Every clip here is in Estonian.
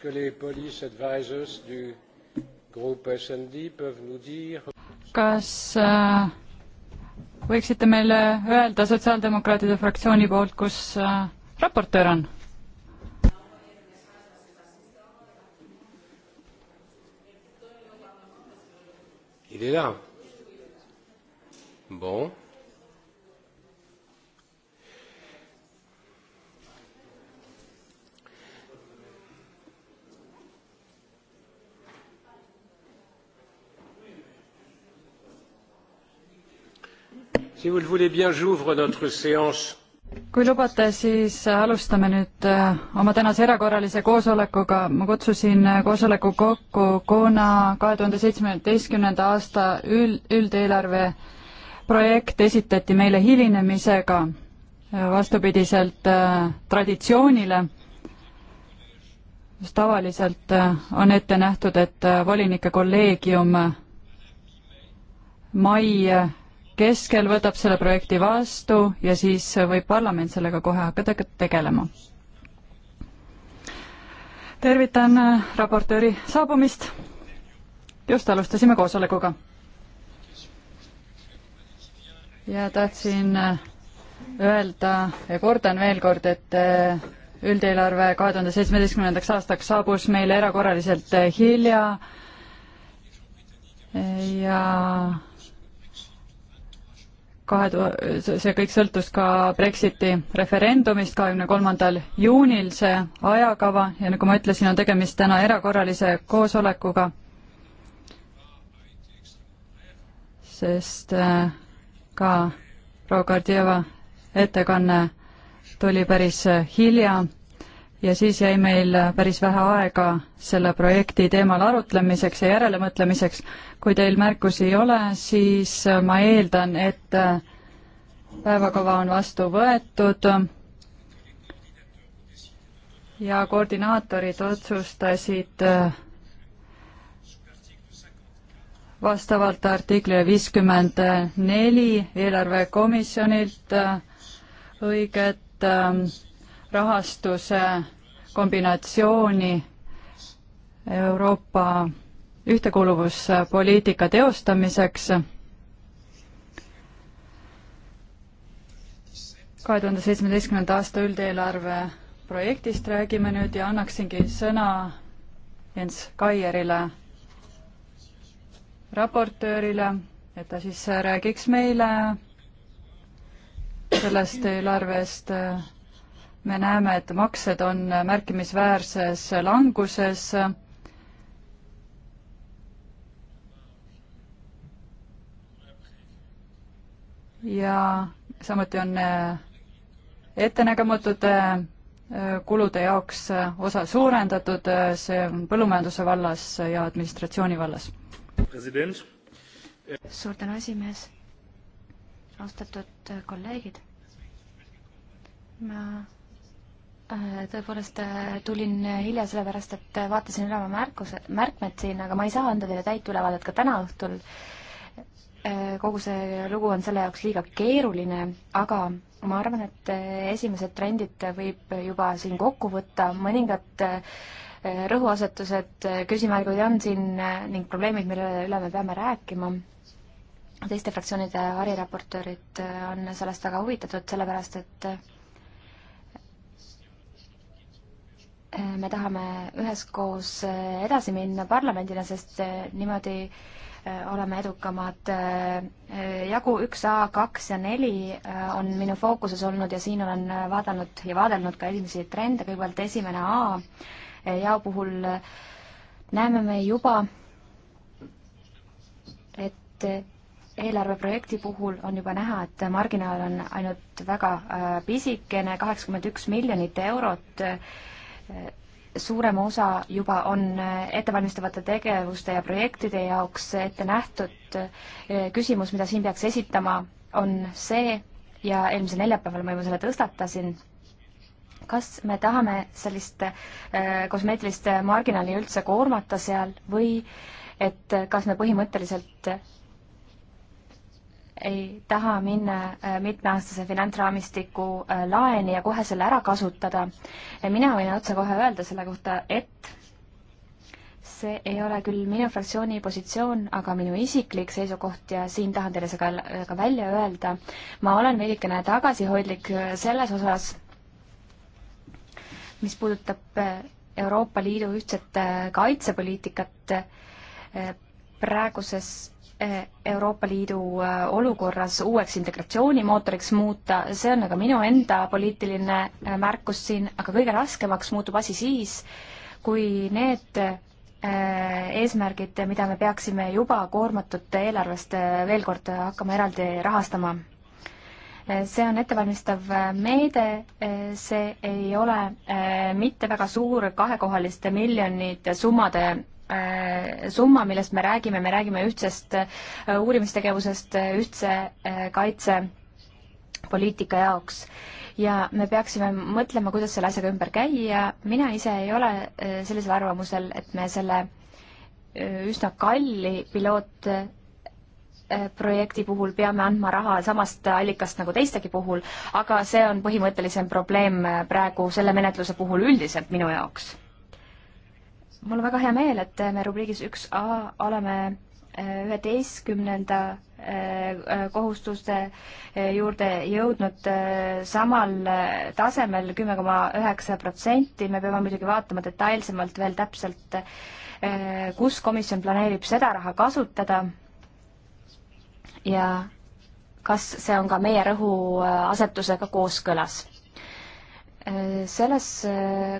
Est-ce que les police advisors du groupe SND peuvent nous dire kas äh, võiksite meile öelda Sotsiaaldemokraatide fraktsiooni poolt, kus äh, raportöör on? Il est là. Bon. Si vous le voulez bien, j'ouvre notre séance. kui lubate, siis alustame nüüd äh, oma tänase erakorralise koosolekuga. ma kutsusin äh, koosoleku kokku, kuna kahe tuhande seitsmeteistkümnenda aasta üld, üldeelarve projekt esitati meile hilinemisega, äh, vastupidiselt traditsioonile sest tavaliselt on ette nähtud, et volinike kolleegium mai keskel võtab selle projekti vastu ja siis võib parlament sellega kohe hakata tegelema. tervitan äh, raportööri saabumist. just alustasime koosolekuga. ja tahtsin äh, öelda ja kordan veel kord, et äh, üldeelarve kahe tuhande seitsmeteistkümnendaks aastaks saabus meile erakorraliselt hilja ja kahe tuhande, see kõik sõltus ka Brexiti referendumist kahekümne kolmandal juunil, see ajakava ja nagu ma ütlesin, on tegemist täna erakorralise koosolekuga, sest äh, ka proua Kardieva ettekanne tuli päris äh, hilja ja siis jäi meil päris vähe aega selle projekti teemal arutlemiseks ja järelemõtlemiseks. kui teil märkusi ei ole, siis ma eeldan, et päevakava on vastu võetud ja koordinaatorid otsustasid vastavalt artiklile viiskümmend neli eelarvekomisjonilt õiget ähm, rahastuse kombinatsiooni Euroopa ühtekuuluvuspoliitika teostamiseks. kahe tuhande seitsmeteistkümnenda aasta üldeelarve projektist räägime nüüd ja annaksingi sõna Jens Kaierile, raportöörile, et ta siis räägiks meile sellest eelarvest äh, me näeme, et maksed on märkimisväärses languses. ja samuti on ettenägematute äh, kulude jaoks osa suurendatud, see on põllumajanduse vallas ja administratsiooni vallas. suur tänu, esimees. austatud äh, kolleegid, ma Äh, tõepoolest äh, tulin hilja sellepärast, et äh, vaatasin üle oma märkuse, märkmed siin, aga ma ei saa anda teile täit ülevaadet ka täna õhtul. kogu see lugu on selle jaoks liiga keeruline, aga ma arvan, et esimesed trendid võib juba siin kokku võtta, mõningad rõhuasetused, küsimärgud on siin ning probleemid, mille üle me peame rääkima teiste fraktsioonide variraportöörid on sellest väga huvitatud, sellepärast et me tahame üheskoos äh, edasi minna parlamendina, sest äh, niimoodi äh, oleme edukamad. jagu üks A, kaks ja neli on minu fookuses olnud ja siin olen vaadanud ja vaadelnud ka esimesi trende, kõigepealt esimene A jao puhul näeme me juba, et eelarveprojekti puhul on juba näha, et marginaal on ainult väga pisikene, kaheksakümmend üks miljonit eurot suurem osa juba on ettevalmistavate tegevuste ja projektide jaoks ette nähtud. küsimus, mida siin peaks esitama, on see ja eelmisel neljapäeval ma juba selle tõstatasin, kas me tahame sellist äh, kosmeetilist marginaali üldse koormata seal või et kas me põhimõtteliselt ei taha minna äh, mitmeaastase finantsraamistiku äh, laeni ja kohe selle ära kasutada. mina võin otsekohe öelda selle kohta, et see ei ole küll minu fraktsiooni positsioon, aga minu isiklik seisukoht ja siin tahan teile seda äh, ka välja öelda. ma olen veidikene tagasihoidlik selles osas, mis puudutab Euroopa Liidu ühtset kaitsepoliitikat praeguses Euroopa Liidu äh, olukorras uueks integratsioonimootoriks muuta, see on aga minu enda poliitiline äh, märkus siin, aga kõige raskemaks muutub asi siis, kui need äh, eesmärgid, mida me peaksime juba koormatud eelarvest veel kord hakkama eraldi rahastama. see on ettevalmistav meede, see ei ole mitte väga suur kahekohaliste miljonite summade Äh, summa, millest me räägime, me räägime ühtsest äh, uurimistegevusest äh, ühtse kaitsepoliitika jaoks. ja me peaksime mõtlema, kuidas selle asjaga ümber käia, mina ise ei ole sellisel arvamusel, et me selle üsna kalli piloot projekti puhul peame andma raha samast allikast nagu teistegi puhul, aga see on põhimõttelisem probleem praegu selle menetluse puhul üldiselt minu jaoks mul on väga hea meel, et me rubriigis üks A oleme äh, üheteistkümnenda äh, äh, kohustuste juurde jõudnud samal tasemel kümme koma üheksa protsenti, me peame muidugi vaatama detailsemalt veel täpselt, kus komisjon planeerib seda raha kasutada ja kas see on ka meie rõhuasetusega kooskõlas selles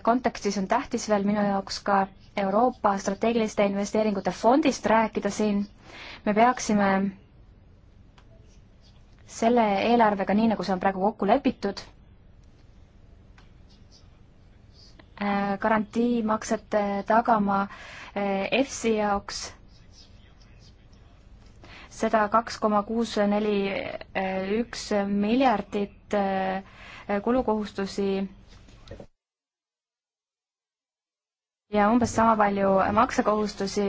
kontekstis on tähtis veel minu jaoks ka Euroopa strateegiliste investeeringute fondist rääkida siin, me peaksime selle eelarvega, nii nagu see on praegu kokku lepitud, äh, garantiimaksete tagama äh, EFSi jaoks seda kaks koma kuus neli äh, üks miljardit kulukohustusi ja umbes sama palju maksekohustusi.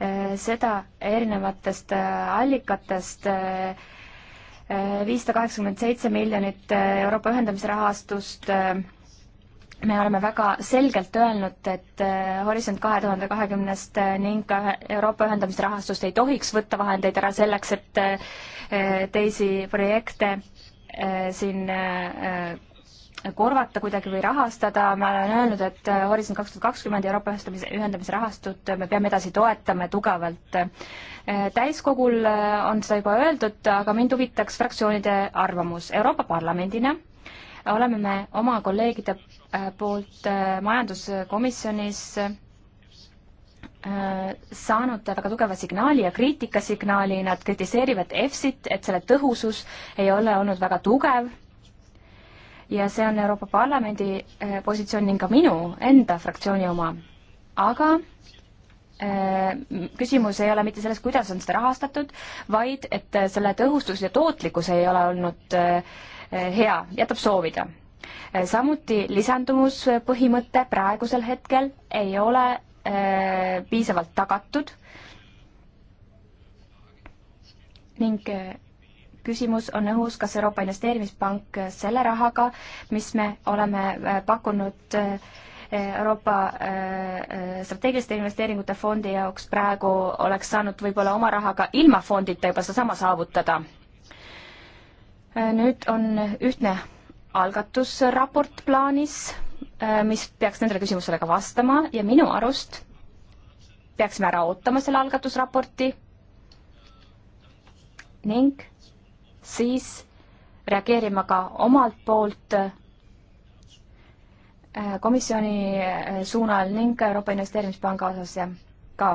Äh, seda erinevatest äh, allikatest äh, viissada kaheksakümmend seitse miljonit Euroopa ühendamise rahastust me oleme väga selgelt öelnud, et Horisont kahe tuhande kahekümnest ning ka Euroopa ühendamise rahastust ei tohiks võtta vahendeid ära selleks, et teisi projekte siin korvata kuidagi või rahastada, ma olen öelnud, et Horisont kaks tuhat kakskümmend Euroopa ühendamise, ühendamise rahastut me peame edasi toetama tugevalt. täiskogul on seda juba öeldud, aga mind huvitaks fraktsioonide arvamus. Euroopa Parlamendina oleme me oma kolleegide äh, poolt äh, majanduskomisjonis äh, saanud väga tugeva signaali ja kriitikasignaali, nad kritiseerivad EFSit, et selle tõhusus ei ole olnud väga tugev ja see on Euroopa Parlamendi eh, positsioon ning ka minu enda fraktsiooni oma. aga eh, küsimus ei ole mitte selles, kuidas on seda rahastatud, vaid et eh, selle tõhustus ja tootlikkus ei ole olnud hea, jätab soovida. samuti lisanduvuspõhimõte praegusel hetkel ei ole piisavalt tagatud ning küsimus on õhus, kas Euroopa Investeerimispank selle rahaga, mis me oleme äh, pakkunud äh, Euroopa äh, strateegiliste investeeringute fondi jaoks praegu oleks saanud võib-olla oma rahaga ilma fondita juba sedasama saavutada. nüüd on ühtne algatusraport plaanis, mis peaks nendele küsimustele ka vastama ja minu arust peaksime ära ootama selle algatusraporti ning siis reageerima ka omalt poolt äh, komisjoni äh, suunal ning Euroopa Investeerimispanga osas ka.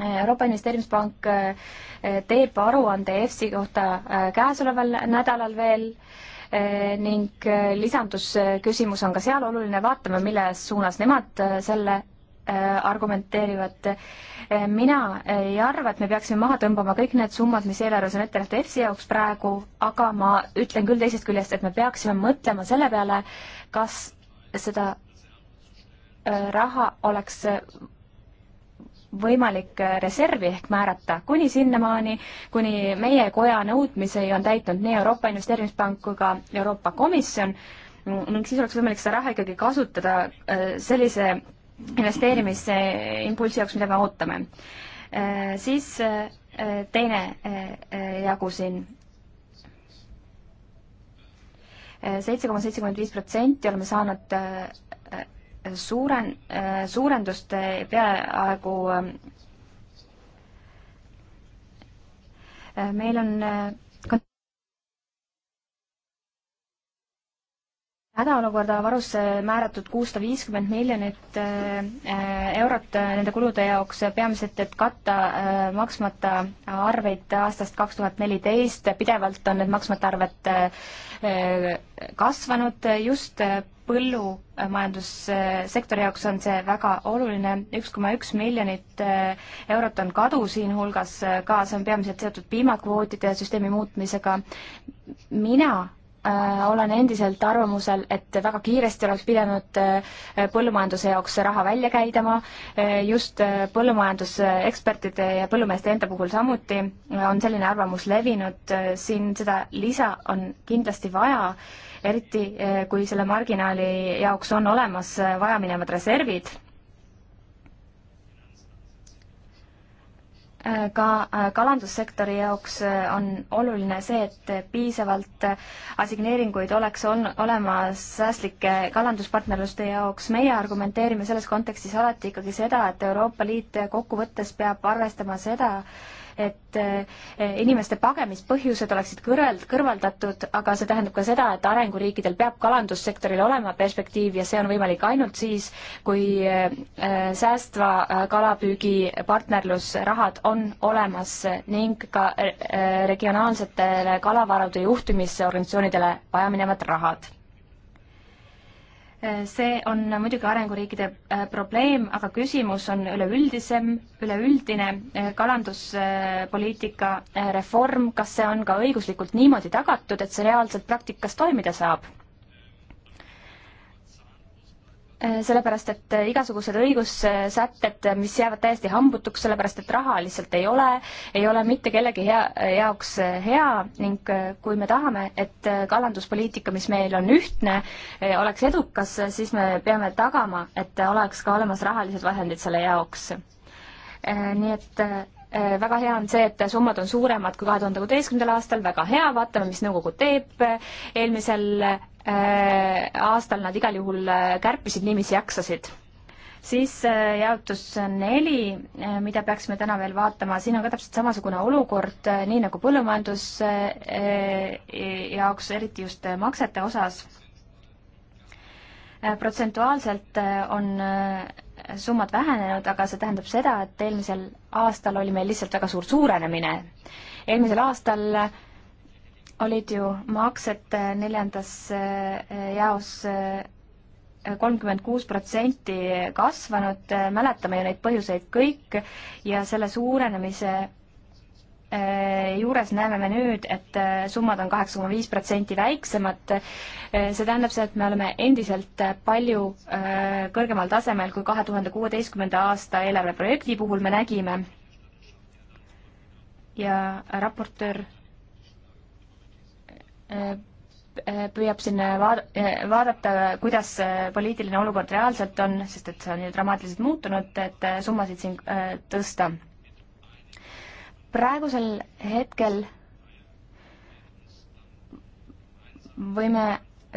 Äh, Euroopa Investeerimispank teeb aruande EFSI kohta käesoleval nädalal veel ning lisandusküsimus on ka seal oluline, vaatame, milles suunas nemad selle Äh, argumenteerivad. Äh, mina ei arva, et me peaksime maha tõmbama kõik need summad, mis eelarves on ette nähtud EFSi jaoks praegu, aga ma ütlen küll teisest küljest, et me peaksime mõtlema selle peale, kas seda äh, raha oleks võimalik reservi ehk määrata kuni sinnamaani, kuni meie koja nõudmisi on täitnud nii Euroopa Investeerimispank kui ka Euroopa Komisjon ning siis oleks võimalik seda raha ikkagi kasutada sellise investeerimisimpulsi jaoks, mida me ootame. Äh, siis äh, teine äh, jagu siin. seitse koma seitsekümmend viis protsenti oleme saanud suuren-, suurendust peaaegu meil on hädaolukorda varusse määratud kuussada viiskümmend miljonit äh, äh, eurot äh, nende kulude jaoks peamiselt, et katta maksmata arveid aastast kaks tuhat neliteist, pidevalt on need maksmata arved kasvanud just põllumajandussektori jaoks on see väga oluline, üks koma üks miljonit eurot on kadu siinhulgas ka, see on peamiselt seotud piimakvootide süsteemi muutmisega. mina äh, olen endiselt arvamusel, et väga kiiresti oleks pidanud äh, põllumajanduse jaoks raha välja käidama äh,, just äh, põllumajandusekspertide ja põllumeeste enda puhul samuti äh, on selline arvamus levinud äh,, siin seda lisa on kindlasti vaja, eriti äh, kui selle marginaali jaoks on olemas äh, vajaminevad reservid ka äh, kalandussektori jaoks äh, on oluline see, et piisavalt äh, assigneeringuid oleks on olemas säästlike kalanduspartnerluste jaoks. meie argumenteerime selles kontekstis alati ikkagi seda, et Euroopa Liit kokkuvõttes peab arvestama seda, et eh, inimeste pagemispõhjused oleksid kõrvald-, kõrvaldatud, aga see tähendab ka seda, et arenguriikidel peab kalandussektoril olema perspektiiv ja see on võimalik ainult siis, kui eh, säästva eh, kalapüügi partnerlusrahad on olemas ning ka regionaalsetele kalavarade juhtimisorganisatsioonidele vajaminevad rahad see on muidugi arenguriikide äh, probleem, aga küsimus on üleüldisem, üleüldine äh, kalanduspoliitika äh, reform, kas see on ka õiguslikult niimoodi tagatud, et see reaalselt praktikas toimida saab? Äh, sellepärast, et äh, igasugused õigussätted, äh, mis jäävad täiesti hambutuks, sellepärast et raha lihtsalt ei ole, ei ole mitte kellegi hea, jaoks hea ning kui me tahame, et kalanduspoliitika, mis meil on ühtne, oleks edukas, siis me peame tagama, et oleks ka olemas rahalised vahendid selle jaoks. nii et väga hea on see, et summad on suuremad kui kahe tuhande kuueteistkümnendal aastal, väga hea, vaatame, mis nõukogu teeb. eelmisel Äh, aastal nad igal juhul äh, kärpisid niiviisi jaksasid. siis äh, jaotus neli, mida peaksime täna veel vaatama, siin on ka täpselt samasugune olukord, nii nagu põllumajanduse jaoks, eriti just maksete osas. protsentuaalselt on summad vähenenud, aga see tähendab seda, et eelmisel aastal oli meil lihtsalt väga suur suurenemine. eelmisel aastal olid ju maksed neljandas eh, jaos eh, kolmkümmend kuus protsenti kasvanud, eh, mäletame ju neid põhjuseid kõik ja selle suurenemise juures näeme me nüüd, et summad on kaheksa koma viis protsenti väiksemad. see tähendab seda, et me oleme endiselt palju kõrgemal tasemel kui kahe tuhande kuueteistkümnenda aasta eelarveprojekti puhul me nägime. ja raportöör Äh, äh, püüab siin äh, vaada, vaadata, kuidas poliitiline olukord reaalselt on, sest et see on ju dramaatiliselt muutunud, et summasid siin tõsta. praegusel hetkel võime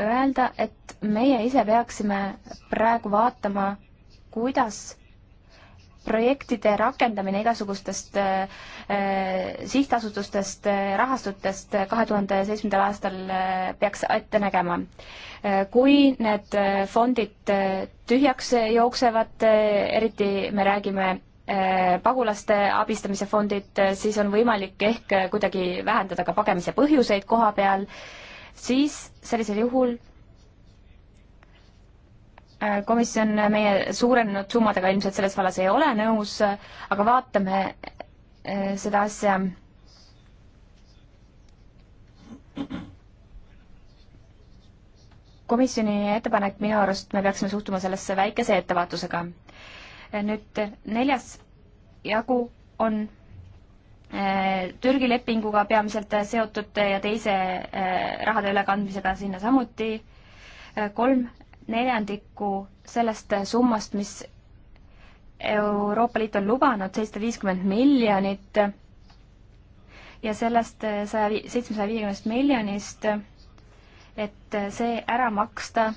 öelda, et meie ise peaksime praegu vaatama, kuidas projektide rakendamine igasugustest äh, äh sihtasutustest, äh, rahastutest äh, kahe tuhande seitsmendal aastal peaks ette nägema. kui need fondid tühjaks jooksevad, eriti me räägime äh, pagulaste abistamise fondid, siis on võimalik ehk kuidagi vähendada ka pagemise põhjuseid koha peal, siis sellisel juhul komisjon meie suurenenud summadega ilmselt selles vallas ei ole nõus, aga vaatame eh, seda asja. komisjoni ettepanek minu arust, me peaksime suhtuma sellesse väikese ettevaatusega. Eh, nüüd neljas jagu on eh, Türgi lepinguga peamiselt seotud ja teise rahade ülekandmisega sinna samuti. kolm neljandikku sellest summast, mis Euroopa Liit on lubanud, seitsesada viiskümmend miljonit, ja sellest saja vi-, seitsmesaja viiekümnest miljonist, et see ära maksta,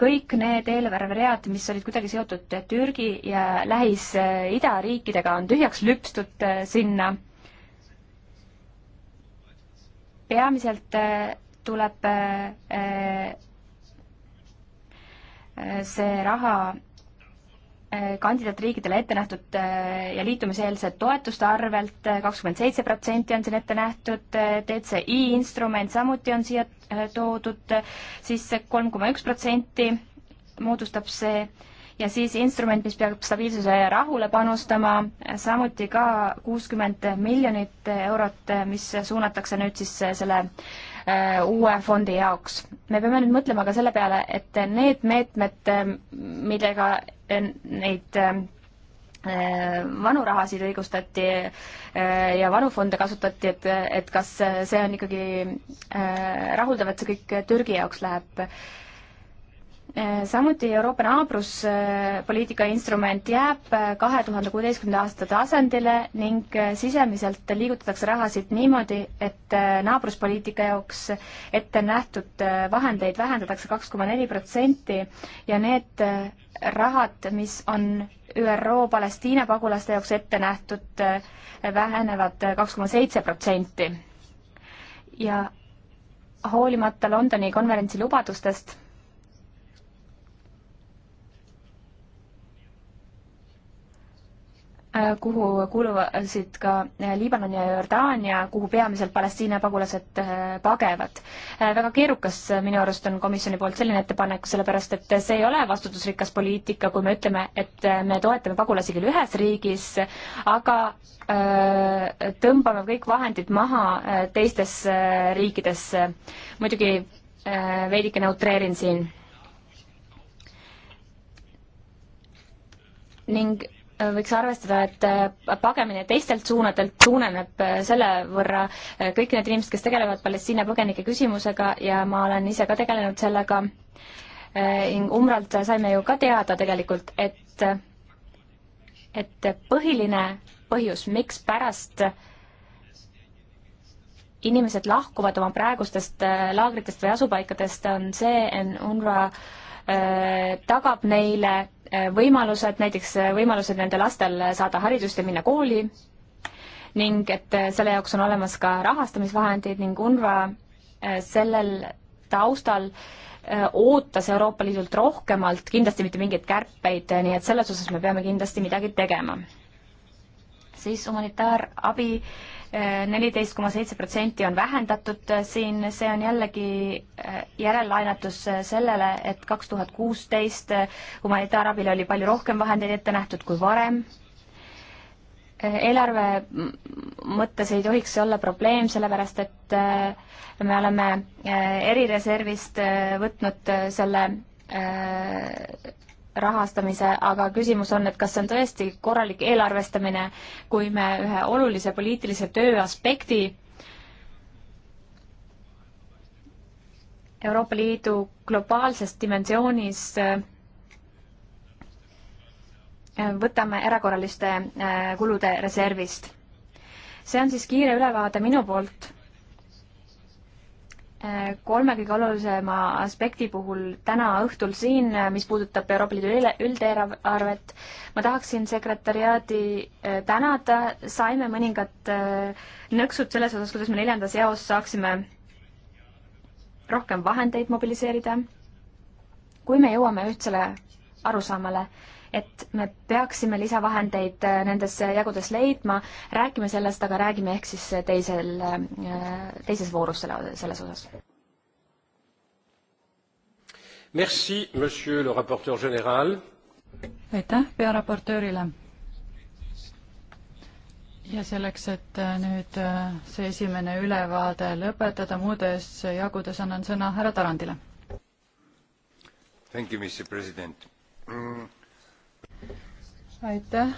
kõik need eelarveread, mis olid kuidagi seotud Türgi ja Lähis-Ida riikidega, on tühjaks lüpstud sinna. peamiselt tuleb see raha äh, kandidaatriikidele ette nähtud äh, ja liitumiseelse toetuste arvelt äh, kakskümmend seitse protsenti on siin ette nähtud, DCI instrument samuti on siia toodud, siis kolm koma üks protsenti moodustab see ja siis instrument, mis peab stabiilsuse ja rahule panustama, samuti ka kuuskümmend miljonit eurot, mis suunatakse nüüd siis selle äh, Äh, uue fondi jaoks. me peame nüüd mõtlema ka selle peale, et need meetmed, äh, millega äh, neid vanu rahasid õigustati ja vanu fonde kasutati, et, et kas see on ikkagi rahuldav, et see kõik Türgi jaoks läheb Eh, samuti Euroopa naabruspoliitika instrument jääb eh, kahe tuhande kuueteistkümnenda aasta tasandile ning eh, sisemiselt liigutatakse rahasid niimoodi, et naabruspoliitika jaoks ette nähtud vahendeid vähendatakse kaks koma neli protsenti ja need rahad, mis on ÜRO Palestiina pagulaste jaoks ette nähtud, vähenevad kaks koma seitse protsenti. ja hoolimata Londoni konverentsi lubadustest Äh, kuhu kuuluvasid ka äh, Liibanon ja Jordaania, kuhu peamiselt Palestiina pagulased äh, pagevad. väga keerukas minu arust on komisjoni poolt selline ettepanek, sellepärast et see ei ole vastutusrikas poliitika, kui me ütleme, et me toetame pagulasi küll ühes riigis, aga tõmbame kõik vahendid maha teistes riikides. muidugi veidikene utreerin siin. ning võiks arvestada, et pagemine teistelt suunadelt suureneb selle võrra kõik need inimesed, kes tegelevad Palestiina põgenike küsimusega ja ma olen ise ka tegelenud sellega. Umralt saime ju ka teada tegelikult, et, et põhiline põhjus, mikspärast inimesed lahkuvad oma praegustest äh, laagritest või asupaikadest, on see, et UNRWA äh, tagab neile Äh, võimalused, näiteks äh, võimalused nende lastel saada haridust ja minna kooli ning et äh, selle jaoks on olemas ka rahastamisvahendid ning UNRWA sellel taustal ootas Euroopa Liidult rohkemalt, kindlasti mitte mingeid kärpeid, nii et selles osas me peame kindlasti midagi tegema. siis humanitaarabi äh, neliteist koma seitse protsenti on vähendatud siin, see on jällegi äh, järellainetus sellele, et kaks tuhat kuusteist humanitaarabile oli palju rohkem vahendeid ette nähtud kui varem äh, eelarve mõttes ei tohiks see olla probleem, sellepärast et äh, me oleme erireservist võtnud selle rahastamise, aga küsimus on, et kas see on tõesti korralik eelarvestamine, kui me ühe olulise poliitilise töö aspekti Euroopa Liidu globaalses dimensioonis äh, võtame erakorraliste äh, kulude reservist. see on siis kiire ülevaade minu poolt kolme kõige olulisema aspekti puhul täna õhtul siin, mis puudutab Euroopa Liidu üldeelarvet. ma tahaksin sekretäriaadi äh, tänada, saime mõningad äh, nõksud selles osas, kuidas me neljandas jaos saaksime rohkem vahendeid mobiliseerida. kui me jõuame ühtsele arusaamale, et me peaksime lisavahendeid äh, nendes jagudes leidma, räägime sellest, aga räägime ehk siis teisel, äh, teises voorus selle, selles osas. Merci, monsieur le rapporteur général. aitäh pearaportöörile. ja selleks, et äh, nüüd see esimene ülevaade lõpetada, muudes jagudes annan sõna härra Tarandile. Thank you, Mr President mm aitäh,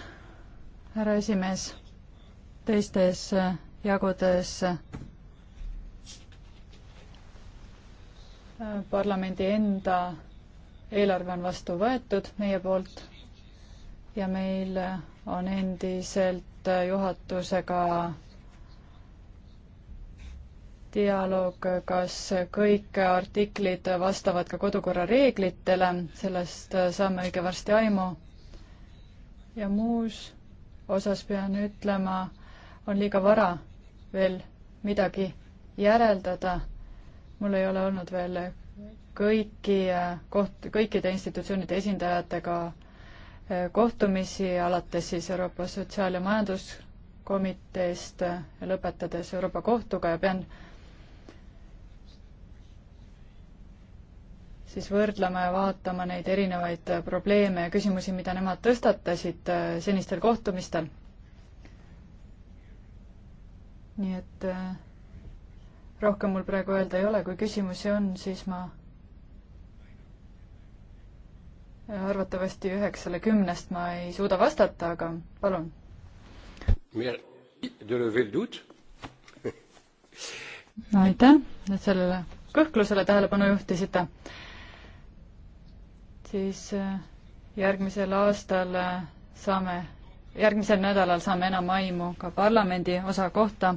härra esimees. teistes äh, jagudes äh, parlamendi enda eelarve on vastu võetud meie poolt ja meil on endiselt äh, juhatusega dialoog, kas kõik artiklid vastavad ka kodukorra reeglitele, sellest saame õige varsti aimu ja muus osas pean ütlema, on liiga vara veel midagi järeldada. mul ei ole olnud veel kõiki äh, koht, kõikide institutsioonide esindajatega äh, kohtumisi, alates siis Euroopa Sotsiaal- ja Majanduskomiteest äh, ja lõpetades Euroopa Kohtuga ja pean siis võrdlema ja vaatama neid erinevaid probleeme ja küsimusi, mida nemad tõstatasid äh, senistel kohtumistel. nii et äh, rohkem mul praegu öelda ei ole, kui küsimusi on, siis ma äh, arvatavasti üheksale kümnest ma ei suuda vastata, aga palun. aitäh, et sellele kõhklusele tähelepanu juhtisite siis äh, järgmisel aastal äh, saame, järgmisel nädalal saame enam aimu ka parlamendi osa kohta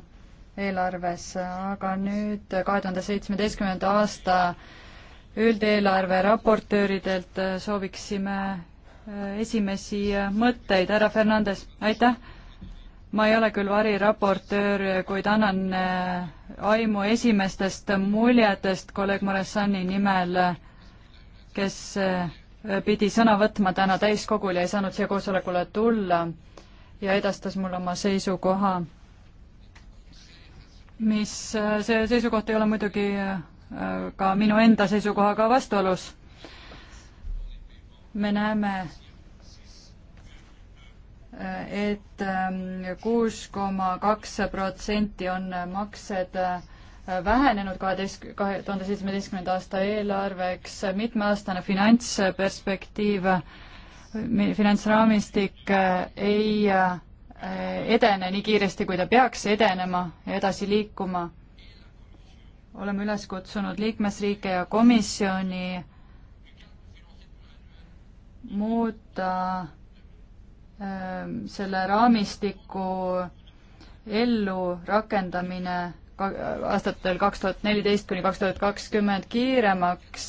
eelarves, aga nüüd kahe tuhande seitsmeteistkümnenda aasta üldeelarve raportööridelt äh, sooviksime esimesi mõtteid, härra Fernandes, aitäh! ma ei ole küll variraportöör, kuid annan aimu esimestest muljetest kolleeg Moressani nimel, kes pidi sõna võtma täna täiskogul ja ei saanud siia koosolekule tulla ja edastas mulle oma seisukoha, mis, see seisukoht ei ole muidugi äh, ka minu enda seisukohaga vastuolus. me näeme, äh, et ähm, kuus koma kaks protsenti on maksed äh, vähenenud kaheteist, kahe tuhande seitsmeteistkümnenda aasta eelarveks, mitmeaastane finantsperspektiiv, finantsraamistik äh, ei äh, edene nii kiiresti, kui ta peaks edenema ja edasi liikuma. oleme üles kutsunud liikmesriike ja komisjoni muuta äh, selle raamistiku ellurakendamine aastatel kaks tuhat neliteist kuni kaks tuhat kakskümmend kiiremaks.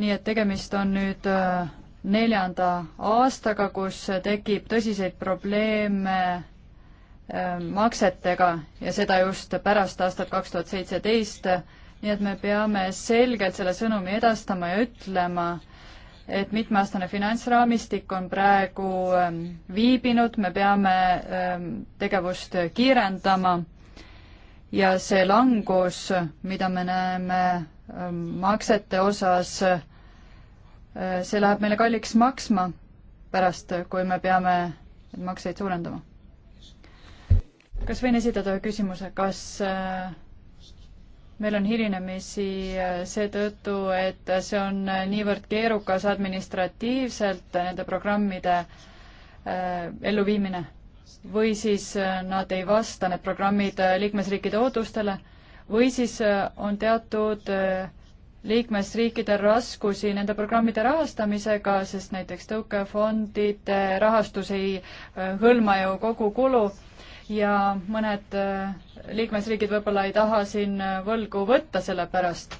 nii et tegemist on nüüd äh, neljanda aastaga, kus tekib tõsiseid probleeme äh, maksetega ja seda just pärast aastat kaks tuhat seitseteist. nii et me peame selgelt selle sõnumi edastama ja ütlema, et mitmeaastane finantsraamistik on praegu ähm, viibinud, me peame ähm, tegevust kiirendama ja see langus, mida me näeme ähm, maksete osas, äh, see läheb meile kalliks maksma pärast, kui me peame makseid suurendama. kas võin esitada ühe küsimuse, kas äh, meil on hilinemisi äh, seetõttu, et see on äh, niivõrd keerukas administratiivselt, nende programmide äh, elluviimine. või siis nad ei vasta, need programmid, liikmesriikide ootustele või siis on teatud liikmesriikidel raskusi nende programmide rahastamisega, sest näiteks tõukefondide rahastus ei hõlma ju kogu kulu ja mõned liikmesriigid võib-olla ei taha siin võlgu võtta selle pärast.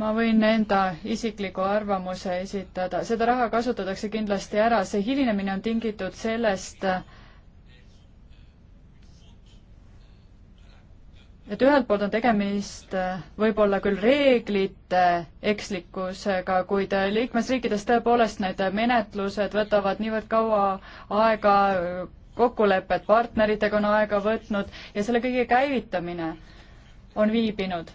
ma võin enda isikliku arvamuse esitada, seda raha kasutatakse kindlasti ära, see hilinemine on tingitud sellest, et ühelt poolt on tegemist võib-olla küll reeglite ekslikkusega, kuid liikmesriikides tõepoolest need menetlused võtavad niivõrd kaua aega, kokkulepped partneritega on aega võtnud ja selle kõige käivitamine on viibinud.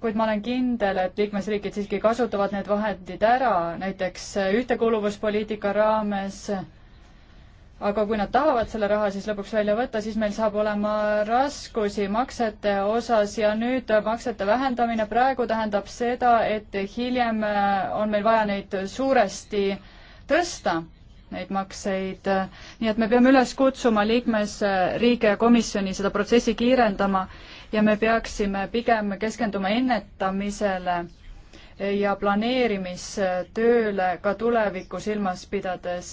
kuid ma olen kindel, et liikmesriigid siiski kasutavad need vahendid ära, näiteks ühtekuuluvuspoliitika raames, aga kui nad tahavad selle raha siis lõpuks välja võtta, siis meil saab olema raskusi maksete osas ja nüüd maksete vähendamine praegu tähendab seda, et hiljem on meil vaja neid suuresti tõsta neid makseid, nii et me peame üles kutsuma liikmesriike ja komisjoni seda protsessi kiirendama ja me peaksime pigem keskenduma ennetamisele ja planeerimistööle ka tulevikku silmas pidades,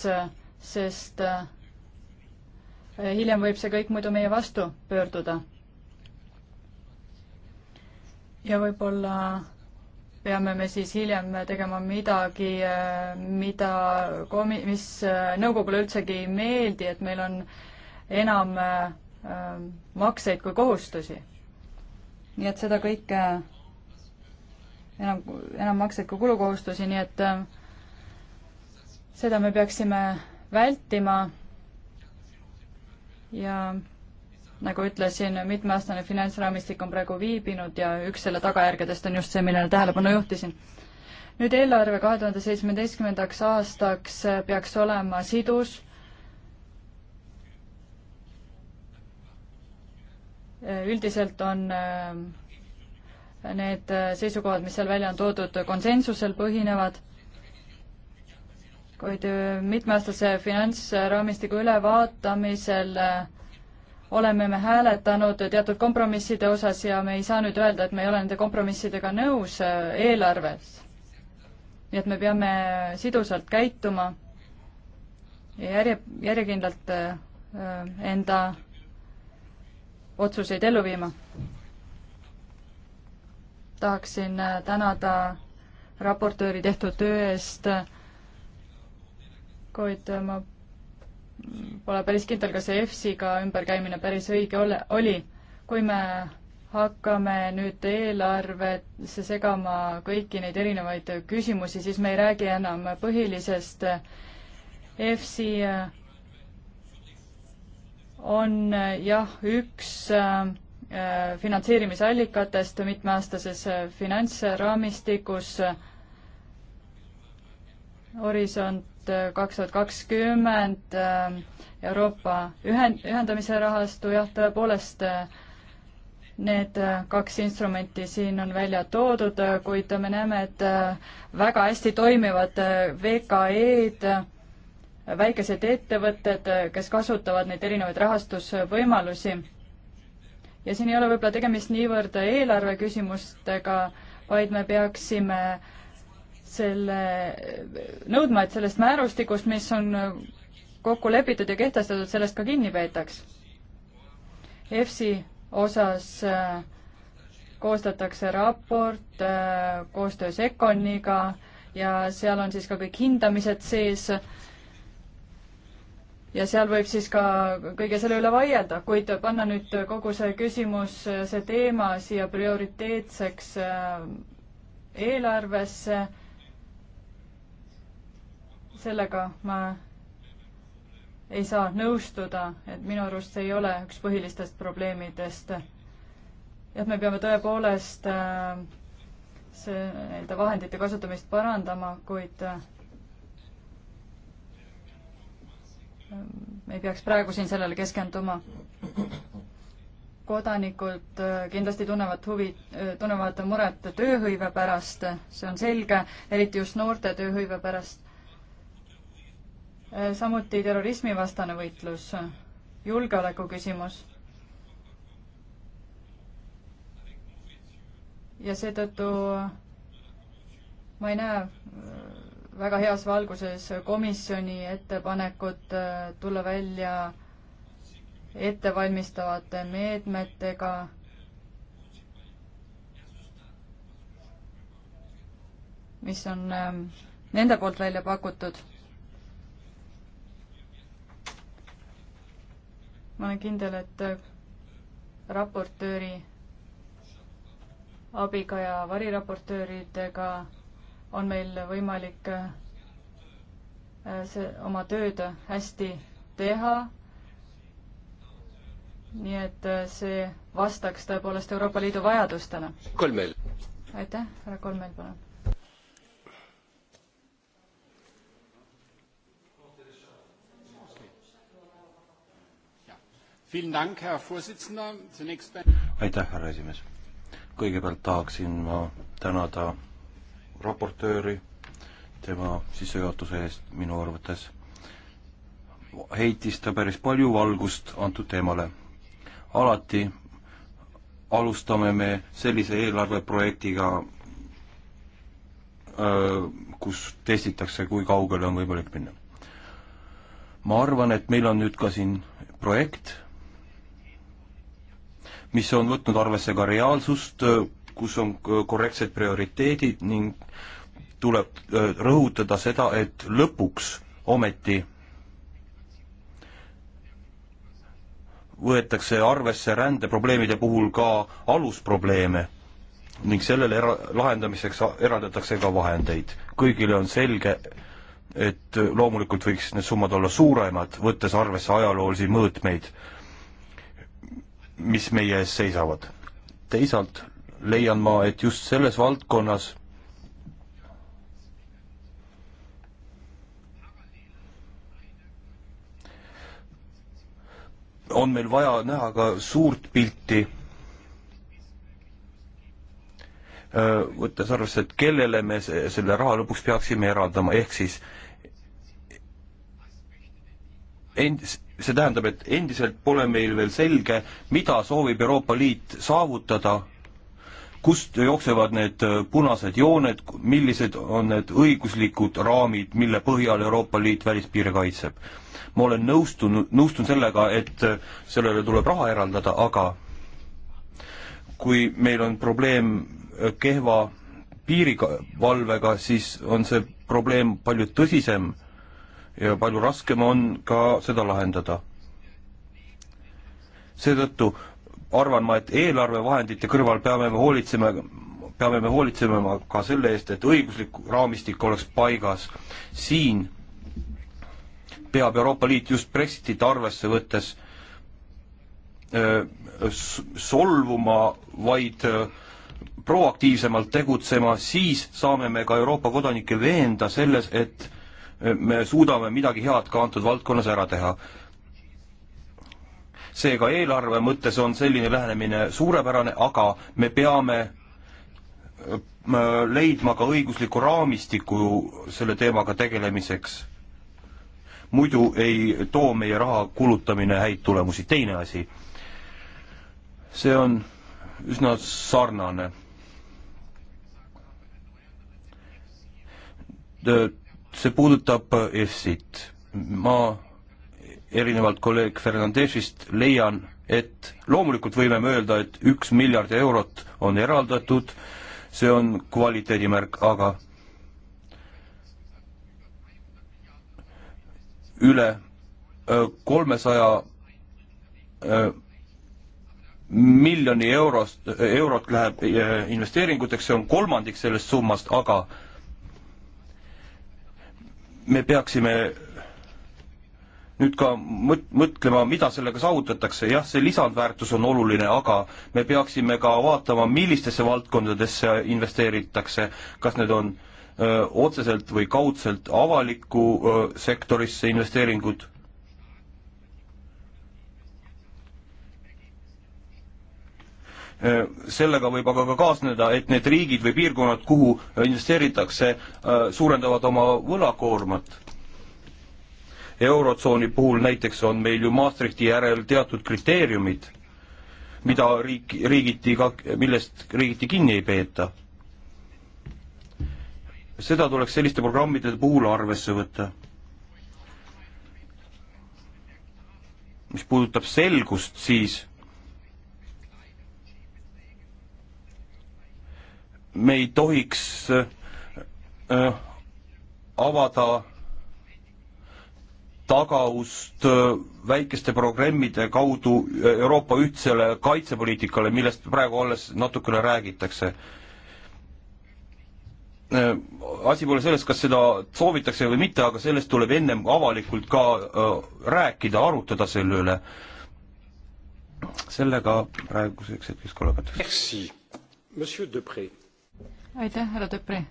sest eh, hiljem võib see kõik muidu meie vastu pöörduda. ja võib-olla peame me siis hiljem tegema midagi, mida komi-, mis nõukogule üldsegi ei meeldi, et meil on enam äh, makseid kui kohustusi. nii et seda kõike äh, enam, enam makseid kui kulukohustusi, nii et äh, seda me peaksime vältima ja nagu ütlesin, mitmeaastane finantsraamistik on praegu viibinud ja üks selle tagajärgedest on just see, millele tähelepanu juhtisin. nüüd eelarve kahe tuhande seitsmeteistkümnendaks aastaks peaks olema sidus üldiselt on äh, need seisukohad, mis seal välja on toodud, konsensusel põhinevad, kuid äh, mitmeaastase finantsraamistiku ülevaatamisel äh, oleme me hääletanud teatud kompromisside osas ja me ei saa nüüd öelda, et me ei ole nende kompromissidega nõus äh, eelarves. nii et me peame sidusalt käituma ja järje, järjekindlalt äh, enda otsuseid ellu viima. tahaksin äh, tänada raportööri tehtud töö eest, kuid ma pole päris kindel, kas see EFSiga ümberkäimine päris õige ole, oli. kui me hakkame nüüd eelarvesse segama kõiki neid erinevaid küsimusi, siis me ei räägi enam põhilisest EFSi on jah, üks äh, finantseerimisallikatest mitmeaastases finantsraamistikus Horisont kaks tuhat äh, kakskümmend äh, Euroopa ühend, ühendamise rahastu, jah, tõepoolest äh, need kaks instrumenti siin on välja toodud, kuid me näeme, et väga hästi toimivad VKE-d, väikesed ettevõtted, kes kasutavad neid erinevaid rahastusvõimalusi. ja siin ei ole võib-olla tegemist niivõrd eelarve küsimustega, vaid me peaksime äh, selle, nõudma, et sellest määrustikust, mis on kokku lepitud ja kehtestatud, sellest ka kinni peetaks. EFSi osas äh, koostatakse raport äh, koostöös Econiga ja seal on siis ka kõik hindamised sees ja seal võib siis ka kõige selle üle vaielda, kuid panna nüüd kogu see küsimus, äh, see teema siia prioriteetseks eelarvesse sellega ma ei saa nõustuda, et minu arust see ei ole üks põhilistest probleemidest. jah, me peame tõepoolest äh, see nii-öelda vahendite kasutamist parandama, kuid äh, ei peaks praegu siin sellele keskenduma. kodanikud äh, kindlasti tunnevad huvi, tunnevad muret tööhõive pärast, see on selge, eriti just noorte tööhõive pärast Äh, samuti terrorismivastane võitlus, julgeoleku küsimus. ja seetõttu ma ei näe äh, väga heas valguses komisjoni ettepanekut äh, tulla välja ettevalmistavate meetmetega mis on ähm, nende poolt välja pakutud. ma olen kindel, et raportööri abiga ja variraportööridega on meil võimalik äh, see, oma tööd hästi teha. nii et äh, see vastaks tõepoolest Euroopa Liidu vajadustele. kolm meil. aitäh, härra Kolmel, palun aitäh, härra esimees. kõigepealt tahaksin ma tänada raportööri tema sissejuhatuse eest minu arvates. heitis ta päris palju valgust antud teemale. alati alustame me sellise eelarveprojektiga, kus testitakse, kui kaugele on võimalik minna. ma arvan, et meil on nüüd ka siin projekt, mis on võtnud arvesse ka reaalsust, kus on korrektsed prioriteedid ning tuleb äh, rõhutada seda, et lõpuks ometi võetakse arvesse rändeprobleemide puhul ka alusprobleeme ning sellele era-, lahendamiseks eraldatakse ka vahendeid. kõigile on selge, et loomulikult võiks need summad olla suuremad, võttes arvesse ajaloolisi mõõtmeid mis meie ees seisavad. teisalt leian ma, et just selles valdkonnas on meil vaja näha ka suurt pilti, võttes arvesse, et kellele me selle raha lõpuks peaksime eraldama, ehk siis end-, see tähendab, et endiselt pole meil veel selge, mida soovib Euroopa Liit saavutada, kust jooksevad need punased jooned, millised on need õiguslikud raamid, mille põhjal Euroopa Liit välispiire kaitseb. ma olen nõustunud, nõustun sellega, et sellele tuleb raha eraldada, aga kui meil on probleem kehva piirivalvega, siis on see probleem palju tõsisem ja palju raskem on ka seda lahendada. seetõttu arvan ma, et eelarvevahendite kõrval peame me hoolitsema, peame me hoolitsema ka selle eest, et õiguslik raamistik oleks paigas. siin peab Euroopa Liit just Brexitit arvesse võttes öö, solvuma, vaid öö, proaktiivsemalt tegutsema, siis saame me ka Euroopa kodanikke veenda selles, et me suudame midagi head ka antud valdkonnas ära teha. seega eelarve mõttes on selline lähenemine suurepärane, aga me peame äh, leidma ka õigusliku raamistiku selle teemaga tegelemiseks. muidu ei too meie raha kulutamine häid tulemusi. teine asi, see on üsna sarnane äh, see puudutab EFSit. Äh, ma erinevalt kolleeg Fernandesist leian, et loomulikult võime me öelda, et üks miljard eurot on eraldatud, see on kvaliteedimärk, aga üle äh, kolmesaja äh, miljoni eurost, eurot läheb investeeringuteks, see on kolmandik sellest summast, aga me peaksime nüüd ka mõt-, mõtlema, mida sellega saavutatakse, jah, see lisandväärtus on oluline, aga me peaksime ka vaatama, millistesse valdkondadesse investeeritakse, kas need on öö, otseselt või kaudselt avalikku öö, sektorisse investeeringud sellega võib aga ka kaasneda, et need riigid või piirkonnad, kuhu investeeritakse, äh, suurendavad oma võlakoormat. eurotsooni puhul näiteks on meil ju Maastrichti järel teatud kriteeriumid, mida riik, riigiti ka, millest riigiti kinni ei peeta. seda tuleks selliste programmide puhul arvesse võtta mis puudutab selgust, siis me ei tohiks äh, äh avada tagaust äh, väikeste programmide kaudu äh, Euroopa ühtsele kaitsepoliitikale, millest praegu alles natukene räägitakse. asi pole selles, kas seda soovitakse või mitte, aga sellest tuleb ennem avalikult ka rääkida, arutada selle üle. sellega praeguseks hetkeks ka lõpetaks. Merci, monsieur Depree aitäh, härra Töpri.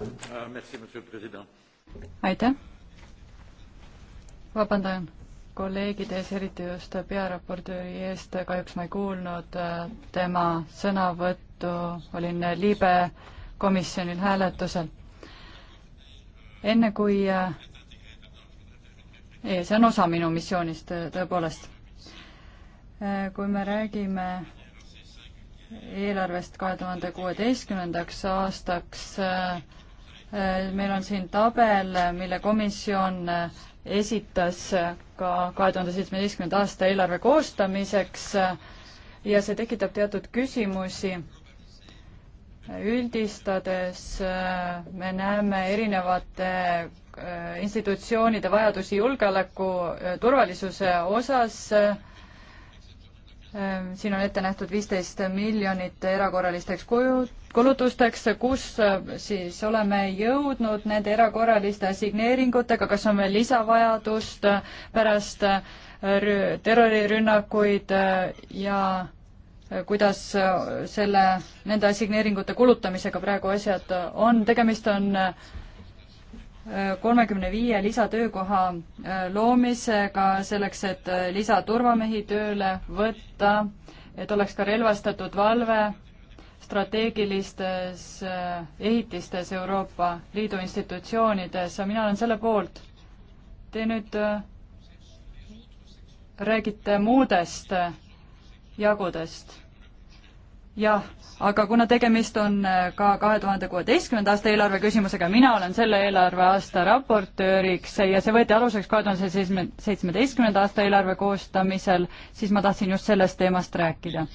Ah, aitäh. vabandan kolleegide ees, eriti just pearaportööri eest, kahjuks ma ei kuulnud äh, tema sõnavõttu, olin äh, libe komisjonil hääletusel. enne kui, see äh, on osa minu missioonist tõepoolest, kui me räägime eelarvest kahe tuhande kuueteistkümnendaks aastaks. meil on siin tabel, mille komisjon esitas ka kahe tuhande seitsmeteistkümnenda aasta eelarve koostamiseks ja see tekitab teatud küsimusi. üldistades me näeme erinevate äh, institutsioonide vajadusi julgeoleku äh, turvalisuse osas Ehm, siin on ette nähtud viisteist miljonit erakorralisteks kuju, kulutusteks, kus ehm, siis oleme jõudnud nende erakorraliste signeeringutega, kas on veel lisavajadust ehm, pärast terrorirünnakuid ja kuidas selle, nende signeeringute kulutamisega praegu asjad on, tegemist on äh, kolmekümne viie lisatöökoha äh, loomisega selleks, et äh, lisaturvamehi tööle võtta, et oleks ka relvastatud valve strateegilistes äh, ehitistes Euroopa Liidu institutsioonides ja mina olen selle poolt. Te nüüd räägite muudest jagudest jah, aga kuna tegemist on äh, ka kahe tuhande kuueteistkümnenda aasta eelarve küsimusega, mina olen selle eelarveaasta raportööriks ja see võeti aluseks kahe tuhande seitsmeteistkümnenda aasta eelarve koostamisel, siis ma tahtsin just sellest teemast rääkida.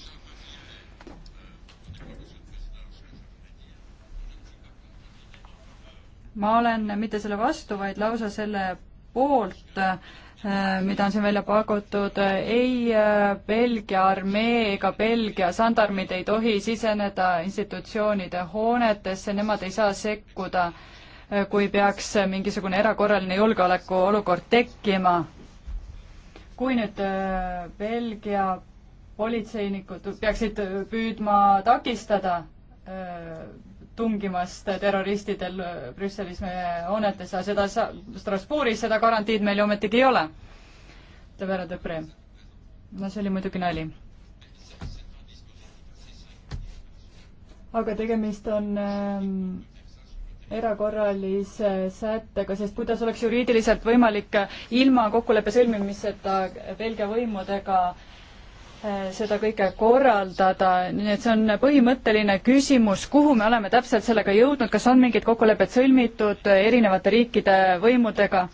ma olen mitte selle vastu, vaid lausa selle poolt äh, Äh, mida on siin välja pakutud, äh, ei äh, Belgia armee ega Belgia sandarmid ei tohi siseneda institutsioonide hoonetesse, nemad ei saa sekkuda, kui peaks mingisugune erakorraline julgeolekuolukord tekkima. kui nüüd Belgia politseinikud peaksid püüdma takistada tungimast terroristidel Brüsselis meie hoonetes, aga seda sa-, Strasbourgis seda garantiid meil ju ometigi ei ole. ütleb härra Depree. no see oli muidugi nali. aga tegemist on ähm, erakorralise sättega, sest kuidas oleks juriidiliselt võimalik ilma kokkuleppe sõlmimiseta Belgia võimudega äh, Äh, seda kõike korraldada, nii et see on põhimõtteline küsimus, kuhu me oleme täpselt sellega jõudnud, kas on mingid kokkulepped sõlmitud erinevate riikide võimudega?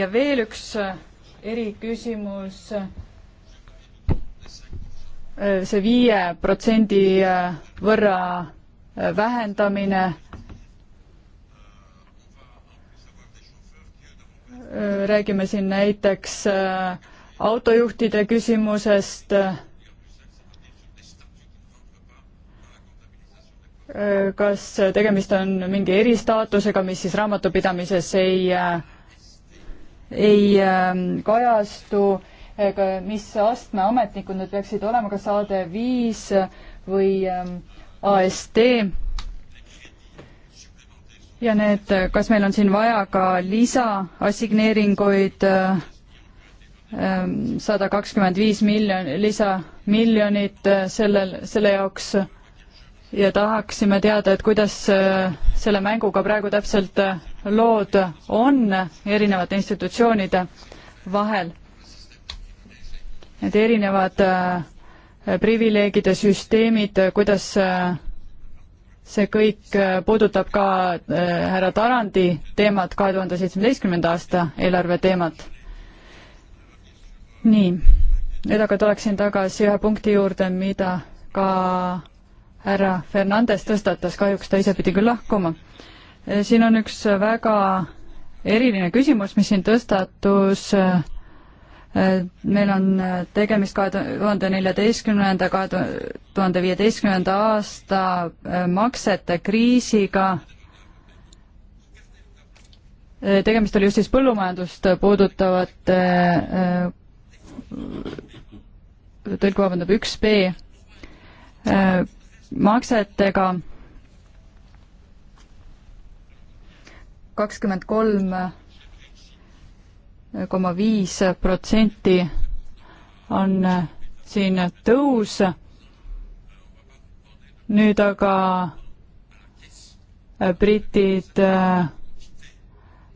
ja veel üks äh, eriküsimus, äh, see viie protsendi võrra vähendamine, räägime siin näiteks äh, autojuhtide küsimusest, kas tegemist on mingi eristaatusega, mis siis raamatupidamises ei, ei ähm, kajastu, mis astme ametnikud need peaksid olema, kas AD viis või ähm, AST? ja need, kas meil on siin vaja ka lisaassigneeringuid äh, Ehm, sada kakskümmend viis miljon, lisa miljonit eh, sellel, selle jaoks ja tahaksime teada, et kuidas eh, selle mänguga praegu täpselt eh, lood on erinevate institutsioonide vahel. Need erinevad privileegide süsteemid, kuidas see kõik puudutab ka härra Tarandi teemat, kahe tuhande seitsmeteistkümnenda aasta eelarve teemat nii, nüüd aga tuleksin tagasi ühe punkti juurde, mida ka härra Fernandes tõstatas, kahjuks ta ise pidi küll lahkuma. E, siin on üks väga eriline küsimus, mis siin tõstatus e, e, meil on tegemist kahe tuhande neljateistkümnenda, kahe tuhande viieteistkümnenda aasta maksete kriisiga. tegemist oli just siis põllumajandust puudutavate tõlk vabandab, üks B äh, maksetega kakskümmend kolm äh, koma viis protsenti on äh, siin tõus. nüüd aga britid äh,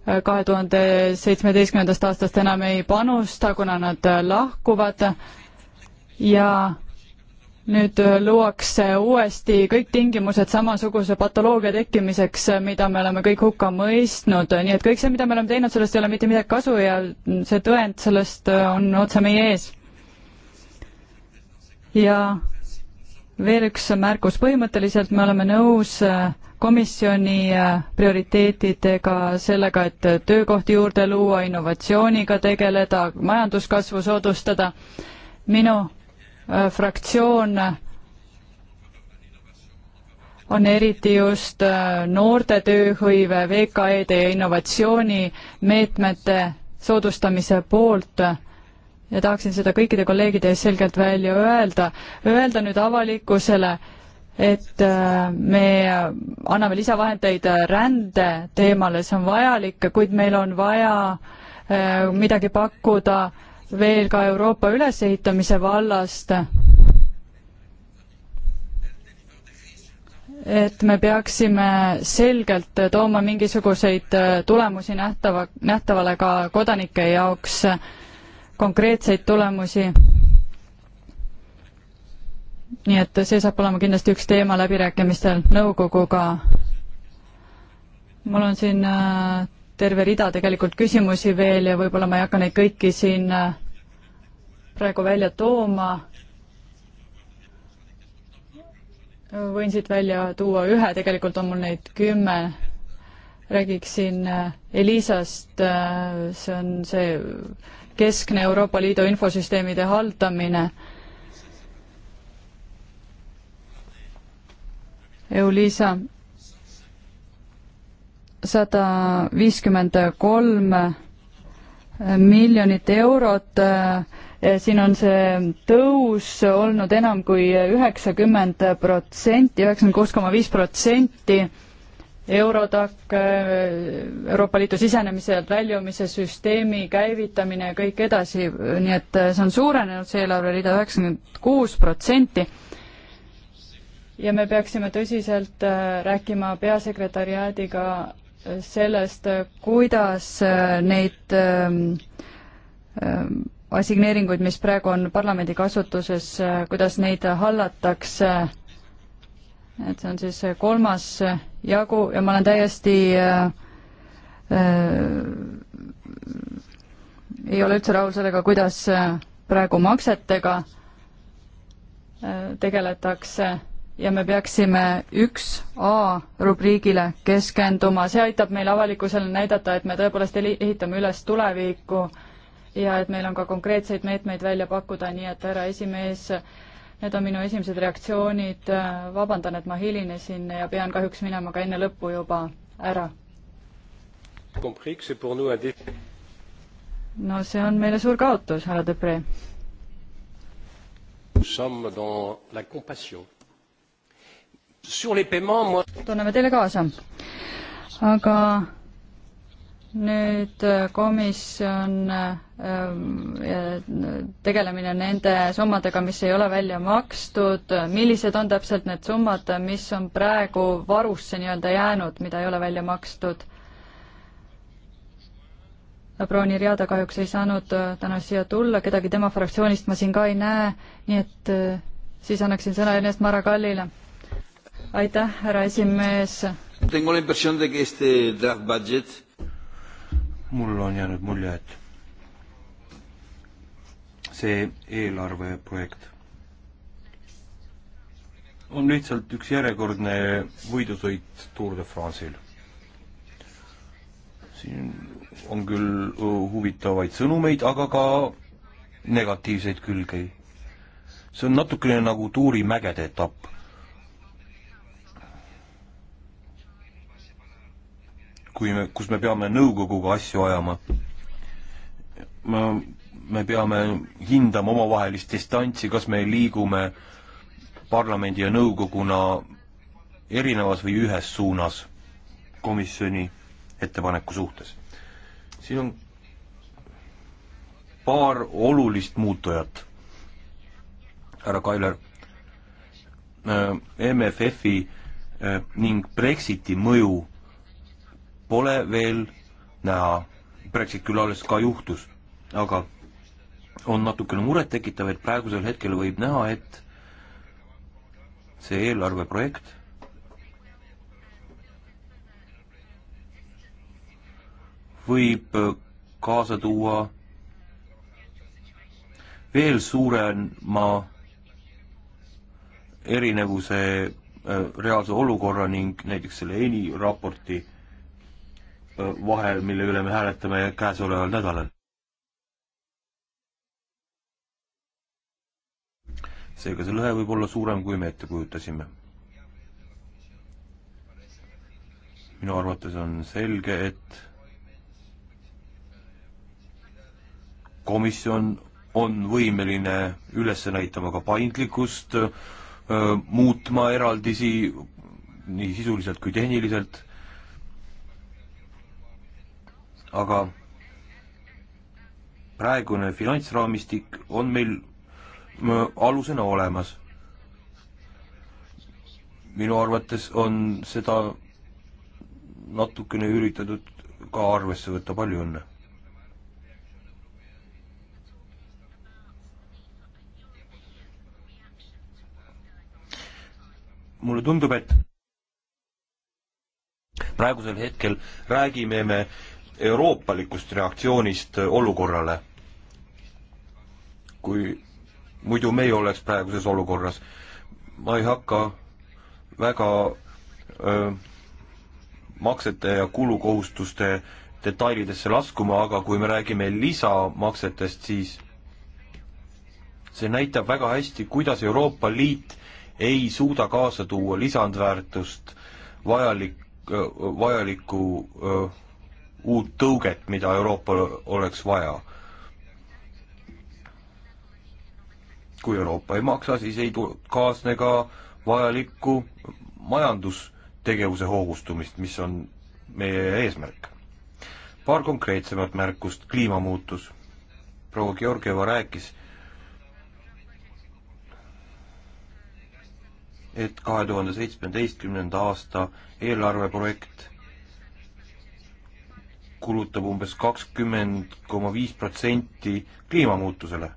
kahe tuhande seitsmeteistkümnendast aastast enam ei panusta, kuna nad lahkuvad ja nüüd luuakse uuesti kõik tingimused samasuguse patoloogia tekkimiseks, mida me oleme kõik hukka mõistnud, nii et kõik see, mida me oleme teinud, sellest ei ole mitte midagi kasu ja see tõend sellest on otse meie ees. ja veel üks märkus, põhimõtteliselt me oleme nõus äh, komisjoni äh, prioriteetidega, sellega, et töökohti juurde luua, innovatsiooniga tegeleda, majanduskasvu soodustada. minu äh, fraktsioon on eriti just äh, noorte tööhõive, VKE-de ja innovatsioonimeetmete soodustamise poolt ja tahaksin seda kõikide kolleegide ees selgelt välja öelda. Öelda nüüd avalikkusele, et äh, me anname lisavahendeid rände teemale, see on vajalik, kuid meil on vaja äh, midagi pakkuda veel ka Euroopa ülesehitamise vallast. et me peaksime selgelt tooma mingisuguseid tulemusi nähtava, nähtavale ka kodanike jaoks, konkreetseid tulemusi nii et see saab olema kindlasti üks teema läbirääkimistel nõukoguga. mul on siin äh, terve rida tegelikult küsimusi veel ja võib-olla ma ei hakka neid kõiki siin äh, praegu välja tooma. võin siit välja tuua ühe, tegelikult on mul neid kümme. räägiksin äh, Elisast, see on see keskne Euroopa Liidu infosüsteemide haldamine Euliisa sada viiskümmend kolm miljonit eurot. Eh, siin on see tõus olnud enam kui üheksakümmend protsenti, üheksakümmend kuus koma viis protsenti. Eurodac, eh, Euroopa Liidu sisenemise ja väljumise süsteemi käivitamine ja kõik edasi, nii et eh, see on suurenenud, see eelarverida üheksakümmend kuus protsenti ja me peaksime tõsiselt äh, rääkima peasekretäriaadiga äh, sellest, äh, kuidas neid ähm, ähm, assigneeringuid, mis praegu on parlamendi kasutuses, kuidas neid hallatakse, et see on siis kolmas jagu ja ma olen täiesti ei ole üldse rahul sellega, kuidas praegu maksetega tegeletakse ja me peaksime üks A rubriigile keskenduma, see aitab meil avalikkusele näidata, et me tõepoolest ehitame üles tulevikku ja et meil on ka konkreetseid meetmeid välja pakkuda, nii et härra esimees, need on minu esimesed reaktsioonid, vabandan, et ma hilinesin ja pean kahjuks minema ka enne lõppu juba ära. no see on meile suur kaotus, härra Depree. Nous sommes dans la compassion tunneme teile kaasa. aga nüüd äh, komisjon äh, äh, tegelemine nende summadega, mis ei ole välja makstud, millised on täpselt need summad, mis on praegu varusse nii-öelda jäänud, mida ei ole välja makstud? proua Nirjada kahjuks ei saanud täna siia tulla, kedagi tema fraktsioonist ma siin ka ei näe, nii et siis annaksin sõna Ernest Maragallile aitäh, härra esimees. mul on jäänud mulje, et see eelarveprojekt on lihtsalt üks järjekordne võidusõit Tour de France'il. siin on küll huvitavaid sõnumeid, aga ka negatiivseid külgi. see on natukene nagu Tuuri mägede etapp kui me, kus me peame nõukoguga asju ajama. ma, me peame hindama omavahelist distantsi, kas me liigume parlamendi ja nõukoguna erinevas või ühes suunas komisjoni ettepaneku suhtes. siin on paar olulist muutujat. härra Kailer, äh, MFF-i äh, ning Brexiti mõju pole veel näha. Brexit küll alles ka juhtus, aga on natukene murettekitav, et praegusel hetkel võib näha, et see eelarveprojekt võib kaasa tuua veel suurema erinevuse äh, reaalse olukorra ning näiteks selle ENI raporti vahel, mille üle me hääletame käesoleval nädalal. seega see lõhe võib olla suurem, kui me ette kujutasime. minu arvates on selge, et komisjon on võimeline üles näitama ka paindlikkust, muutma eraldisi nii sisuliselt kui tehniliselt aga praegune finantsraamistik on meil alusena olemas. minu arvates on seda natukene üritatud ka arvesse võtta, palju õnne! mulle tundub, et praegusel hetkel räägime me euroopalikust reaktsioonist olukorrale. kui muidu meie oleks praeguses olukorras. ma ei hakka väga öö, maksete ja kulukohustuste detailidesse laskuma, aga kui me räägime lisamaksetest, siis see näitab väga hästi, kuidas Euroopa Liit ei suuda kaasa tuua lisandväärtust vajalik, vajalikku öö, uut tõuget, mida Euroopal oleks vaja. kui Euroopa ei maksa, siis ei kaasne ka vajalikku majandustegevuse hoogustumist, mis on meie eesmärk. paar konkreetsemat märkust, kliimamuutus. proua Georgieva rääkis et kahe tuhande seitsmeteistkümnenda aasta eelarveprojekt kulutab umbes kakskümmend koma viis protsenti kliimamuutusele.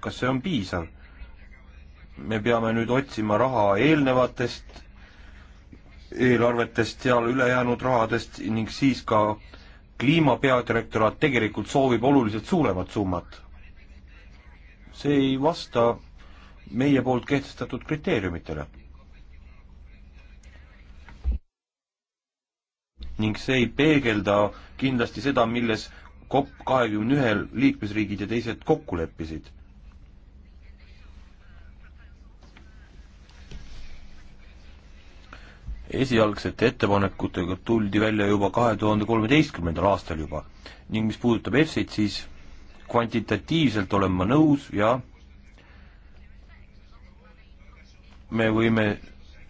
kas see on piisav? me peame nüüd otsima raha eelnevatest eelarvetest, seal ülejäänud rahadest ning siis ka kliimapeadirektoraat tegelikult soovib oluliselt suuremat summat. see ei vasta meie poolt kehtestatud kriteeriumitele. ning see ei peegelda kindlasti seda, milles COP kahekümne ühel liikmesriigid ja teised kokku leppisid esialgsete ettepanekutega tuldi välja juba kahe tuhande kolmeteistkümnendal aastal juba ning mis puudutab EFSit, siis kvantitatiivselt olen ma nõus ja me võime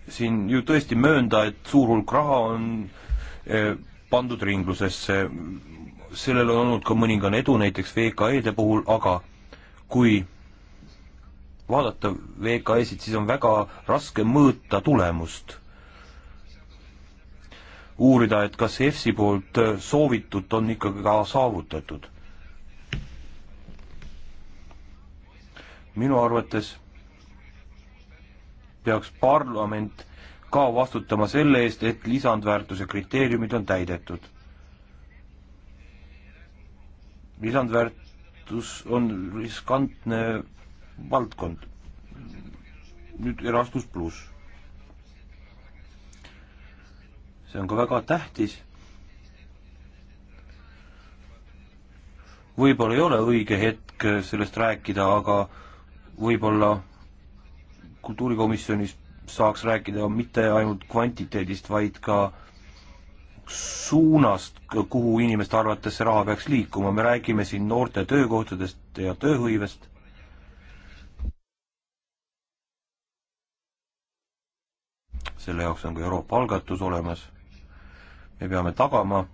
siin ju tõesti möönda, et suur hulk raha on eh, pandud ringlusesse, sellel on olnud ka mõningane edu näiteks VKE-de puhul, aga kui vaadata VKE-sid, siis on väga raske mõõta tulemust. uurida, et kas EFSi poolt eh, soovitut on ikkagi ka saavutatud. minu arvates peaks parlament ka vastutama selle eest, et lisandväärtuse kriteeriumid on täidetud. lisandväärtus on riskantne valdkond. nüüd Erasmus pluss. see on ka väga tähtis. võib-olla ei ole õige hetk sellest rääkida, aga võib-olla kultuurikomisjonis saaks rääkida mitte ainult kvantiteedist, vaid ka suunast, kuhu inimeste arvates see raha peaks liikuma, me räägime siin noorte töökohtadest ja tööhõivest. selle jaoks on ka Euroopa algatus olemas. me peame tagama,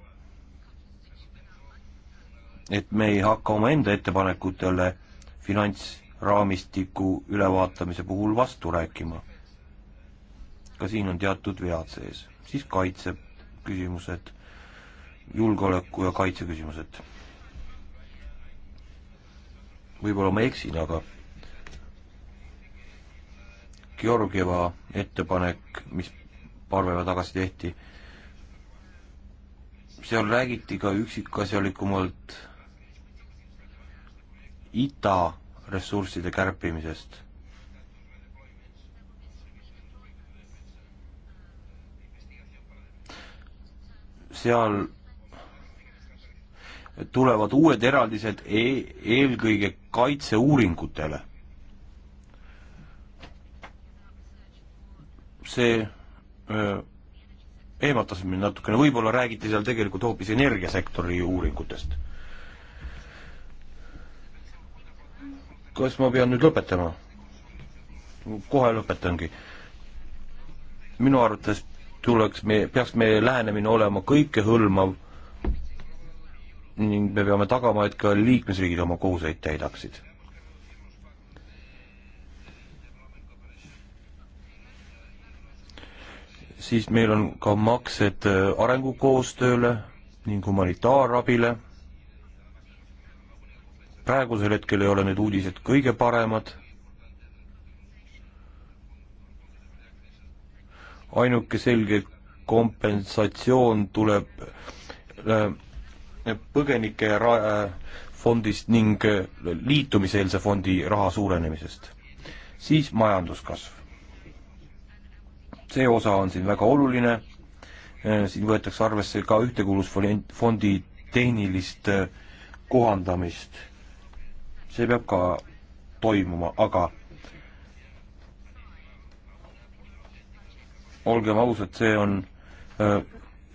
et me ei hakka omaenda ettepanekutele finants raamistiku ülevaatamise puhul vastu rääkima. ka siin on teatud vead sees. siis kaitse küsimused, julgeoleku ja kaitse küsimused. võib-olla ma eksin, aga Georgieva ettepanek, mis paar päeva tagasi tehti, seal räägiti ka üksikasjalikumalt ida ressursside kärpimisest. seal tulevad uued eraldised e eelkõige kaitseuuringutele. see öö, eematas mind natukene, võib-olla räägiti seal tegelikult hoopis energiasektori uuringutest kas ma pean nüüd lõpetama? kohe lõpetangi. minu arvates tuleks me, peaks meie lähenemine olema kõikehõlmav ning me peame tagama, et ka liikmesriigid oma kohuseid täidaksid. siis meil on ka maksed äh, arengukoostööle ning humanitaarabile praegusel hetkel ei ole need uudised kõige paremad, ainuke selge kompensatsioon tuleb äh, põgenike äh, fondist ning äh, liitumiseelse fondi raha suurenemisest. siis majanduskasv. see osa on siin väga oluline, siin võetakse arvesse ka ühtekuuluvusfondi tehnilist kohandamist see peab ka toimuma, aga olgem ausad, see on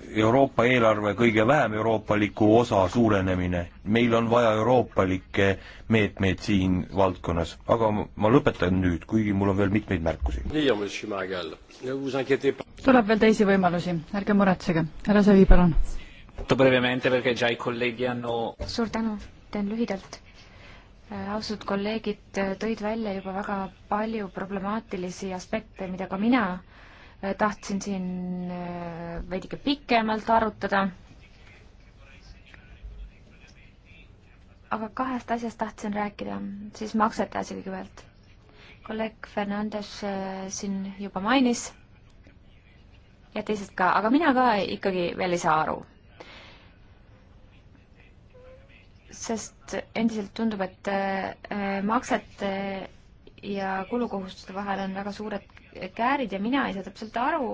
Euroopa eelarve kõige vähem euroopaliku osa suurenemine. meil on vaja euroopalikke meetmeid siin valdkonnas, aga ma lõpetan nüüd, kuigi mul on veel mitmeid märkusi. tuleb veel teisi võimalusi, ärge muretsege. härra Sevi, palun. suur tänu, teen lühidalt austatud kolleegid tõid välja juba väga palju problemaatilisi aspekte, mida ka mina äh, tahtsin siin äh, veidike pikemalt arutada. aga kahest asjast tahtsin rääkida, siis maksete asi kõigepealt. kolleeg Fernandes äh, siin juba mainis ja teised ka, aga mina ka ikkagi veel ei saa aru sest endiselt tundub, et äh, maksete ja kulukohustuste vahel on väga suured käärid ja mina ei saa täpselt aru,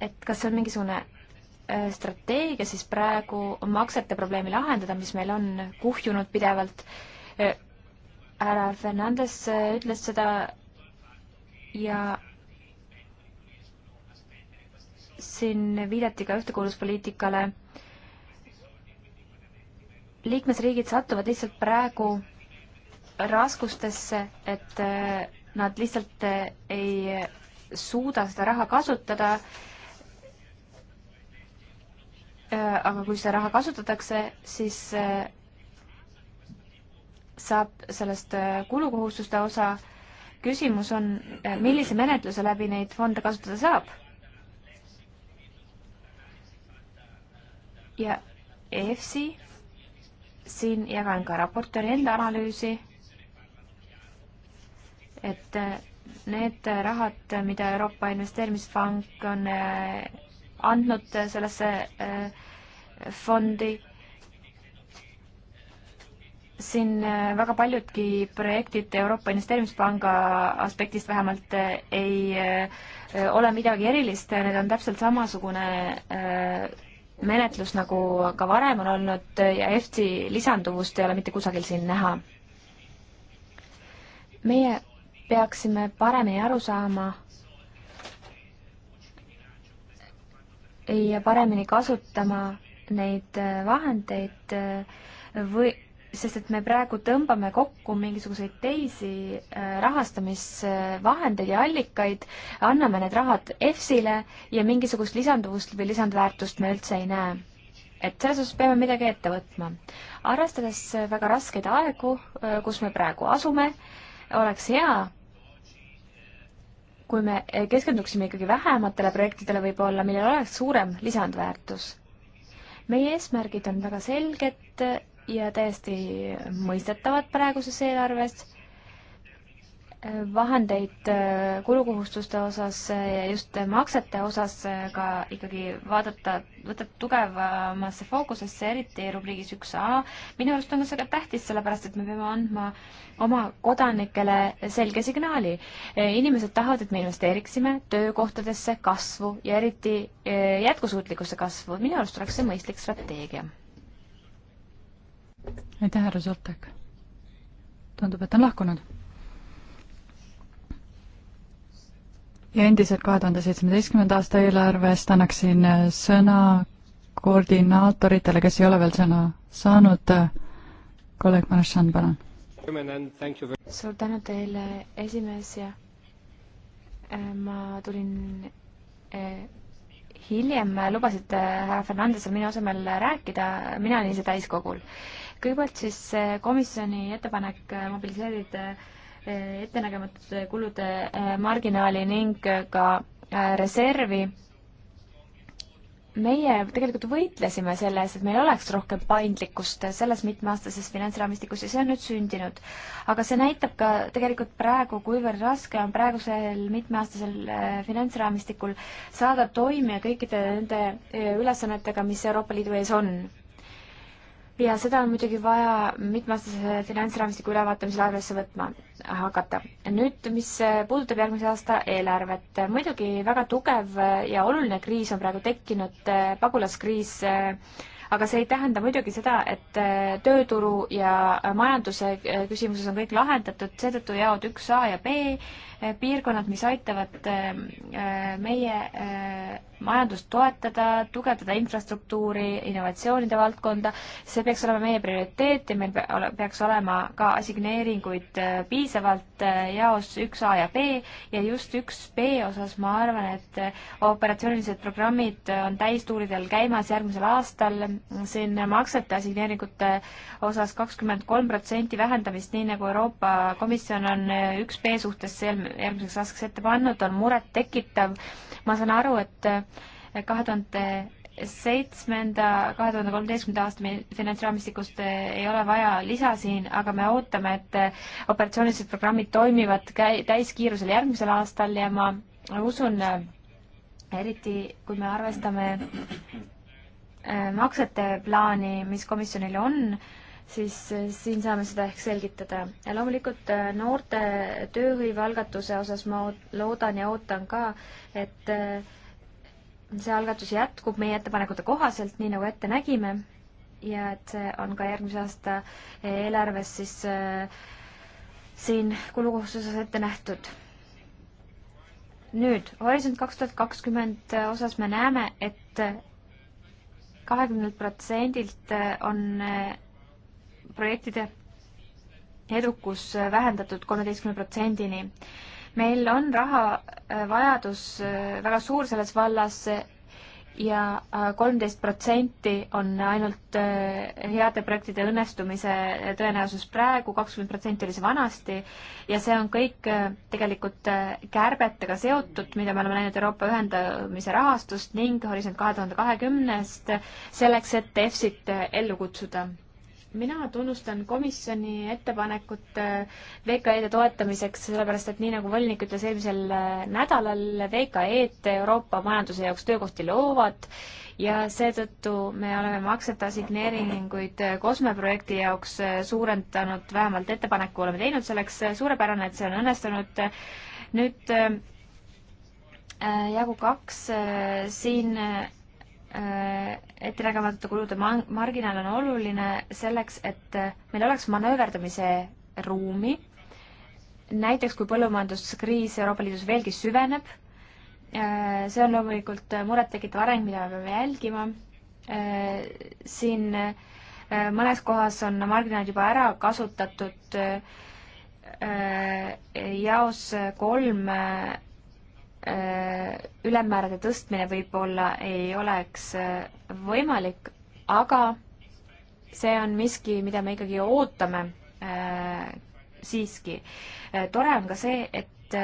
et kas see on mingisugune äh, strateegia siis praegu maksete probleemi lahendada, mis meil on kuhjunud pidevalt. Äh, härra Fernandes ütles seda ja siin viidati ka ühtekuuluvuspoliitikale liikmesriigid satuvad lihtsalt praegu raskustesse, et äh, nad lihtsalt äh, ei suuda seda raha kasutada. Äh, aga kui see raha kasutatakse, siis saab sellest kulukohustuste osa. küsimus on, millise menetluse läbi neid fonde kasutada saab? ja EFSI siin jagan ka raportööri enda analüüsi, et need rahad, mida Euroopa Investeerimispank on äh, andnud sellesse äh, fondi, siin äh, väga paljudki projektid Euroopa Investeerimispanga aspektist vähemalt ei ole midagi erilist, need on täpselt samasugune menetlus, nagu ka varem on olnud ja EFTi lisanduvust ei ole mitte kusagil siin näha. meie peaksime paremini aru saama ja paremini kasutama neid vahendeid või sest et me praegu tõmbame kokku mingisuguseid teisi äh, rahastamisvahendeid ja allikaid, anname need rahad EFSile ja mingisugust lisanduvust või lisandväärtust me üldse ei näe. et selles osas peame midagi ette võtma. arvestades väga raskeid aegu, äh, kus me praegu asume, oleks hea, kui me äh, keskenduksime ikkagi vähematele projektidele võib-olla, millel oleks suurem lisandväärtus meie eesmärgid on väga selged ja täiesti mõistetavad praeguses eelarves. vahendeid äh, kulukohustuste osas äh, ja just maksete osas äh, ka ikkagi vaadata, võtta tugevamasse fookusesse, eriti rubriigis üks A. minu arust on see ka tähtis, sellepärast et me peame andma oma kodanikele selge signaali. inimesed tahavad, et me investeeriksime töökohtadesse, kasvu ja eriti jätkusuutlikkusse kasvu. minu arust oleks see mõistlik strateegia aitäh, härra Soltek. tundub, et ta on lahkunud. ja endiselt kahe tuhande seitsmeteistkümnenda aasta eelarvest annaksin äh, sõna koordinaatoritele, kes ei ole veel sõna saanud. kolleeg Maršan, palun. suur tänu teile, esimees ja äh, ma tulin äh, hiljem lubasite härra Fernandesel minu asemel rääkida, mina olin ise täiskogul kõigepealt siis eh, komisjoni ettepanek eh, mobiliseerida eh, ettenägematute kulude marginaali ning ka reservi. meie tegelikult võitlesime selle eest, et meil oleks rohkem paindlikkust selles mitmeaastases finantsraamistikus ja see on nüüd sündinud. aga see näitab ka tegelikult praegu, kuivõrd raske on praegusel mitmeaastasel finantsraamistikul saada toime kõikide nende ülesannetega, mis Euroopa Liidu ees on ja seda on muidugi vaja mitmeaastase finantsraamistiku ülevaatamisel arvesse võtma hakata. nüüd, mis puudutab järgmise aasta eelarvet, muidugi väga tugev ja oluline kriis on praegu tekkinud, pagulaskriis, aga see ei tähenda muidugi seda, et tööturu ja majanduse küsimuses on kõik lahendatud, seetõttu jaod üks A ja B Eh, piirkonnad, mis aitavad eh, eh, meie majandust toetada, tugevdada infrastruktuuri, innovatsioonide valdkonda, see peaks olema meie prioriteet ja meil peaks olema ka assigneeringuid piisavalt jaos üks A ja B ja just üks B osas ma arvan, et operatsioonilised programmid on täistuuridel käimas järgmisel aastal, siin maksete assigneeringute osas kakskümmend kolm protsenti vähendamist, nii nagu Euroopa Komisjon on üks B suhtes sõlminud järgmiseks aastaks ette pannud, on murettekitav. ma saan aru, et eh, kahe tuhande seitsmenda, kahe tuhande kolmeteistkümnenda aasta finantsraamistikust eh, ei ole vaja lisa siin, aga me ootame, et eh, operatsioonilised programmid toimivad käi-, täiskiirusel järgmisel aastal ja ma usun, eriti kui me arvestame maksete plaani, mis komisjonil on äh,, siis eh, siin saame seda ehk selgitada. ja loomulikult eh, noorte tööhõive algatuse osas ma loodan ja ootan ka, et eh, see algatus jätkub meie ettepanekute kohaselt, nii nagu ette nägime, ja et see on ka järgmise aasta eelarves siis siin kulukohustuses ette nähtud nüüd Horisont kaks tuhat kakskümmend osas me näeme et, et kahekümnelt protsendilt on projektide edukus vähendatud kolmeteistkümne protsendini. meil on raha äh, vajadus äh, väga suur selles vallas ja äh, kolmteist protsenti on ainult heade projektide õnnestumise tõenäosus praegu, kakskümmend protsenti oli see vanasti ja see on kõik tegelikult kärbetega seotud, mida me oleme näinud Euroopa ühendamise rahastust ning Horisont kahe tuhande kahekümnest, selleks et EFSit ellu kutsuda mina tunnustan komisjoni ettepanekut äh, VKE-de toetamiseks, sellepärast et nii nagu volinik ütles eelmisel äh, nädalal, VKE-d Euroopa majanduse jaoks töökohti loovad ja seetõttu me oleme maksete assigneeringuid COSME äh, projekti jaoks suurendanud, vähemalt ettepaneku oleme teinud selleks, suurepärane, et see on õnnestunud. nüüd jagu kaks, siin Äh, ettenägematute kulude marginaal on oluline selleks, et äh, meil oleks manööverdamise ruumi. näiteks kui põllumajanduskriis Euroopa Liidus veelgi süveneb, äh, see on loomulikult murettekitav areng, mida me peame jälgima. siin mõnes kohas on marginaalid juba ära kasutatud jaos kolm Äh, ülemmäärade tõstmine võib-olla ei oleks äh, võimalik, aga see on miski, mida me ikkagi ootame äh, siiski. tore on ka see, et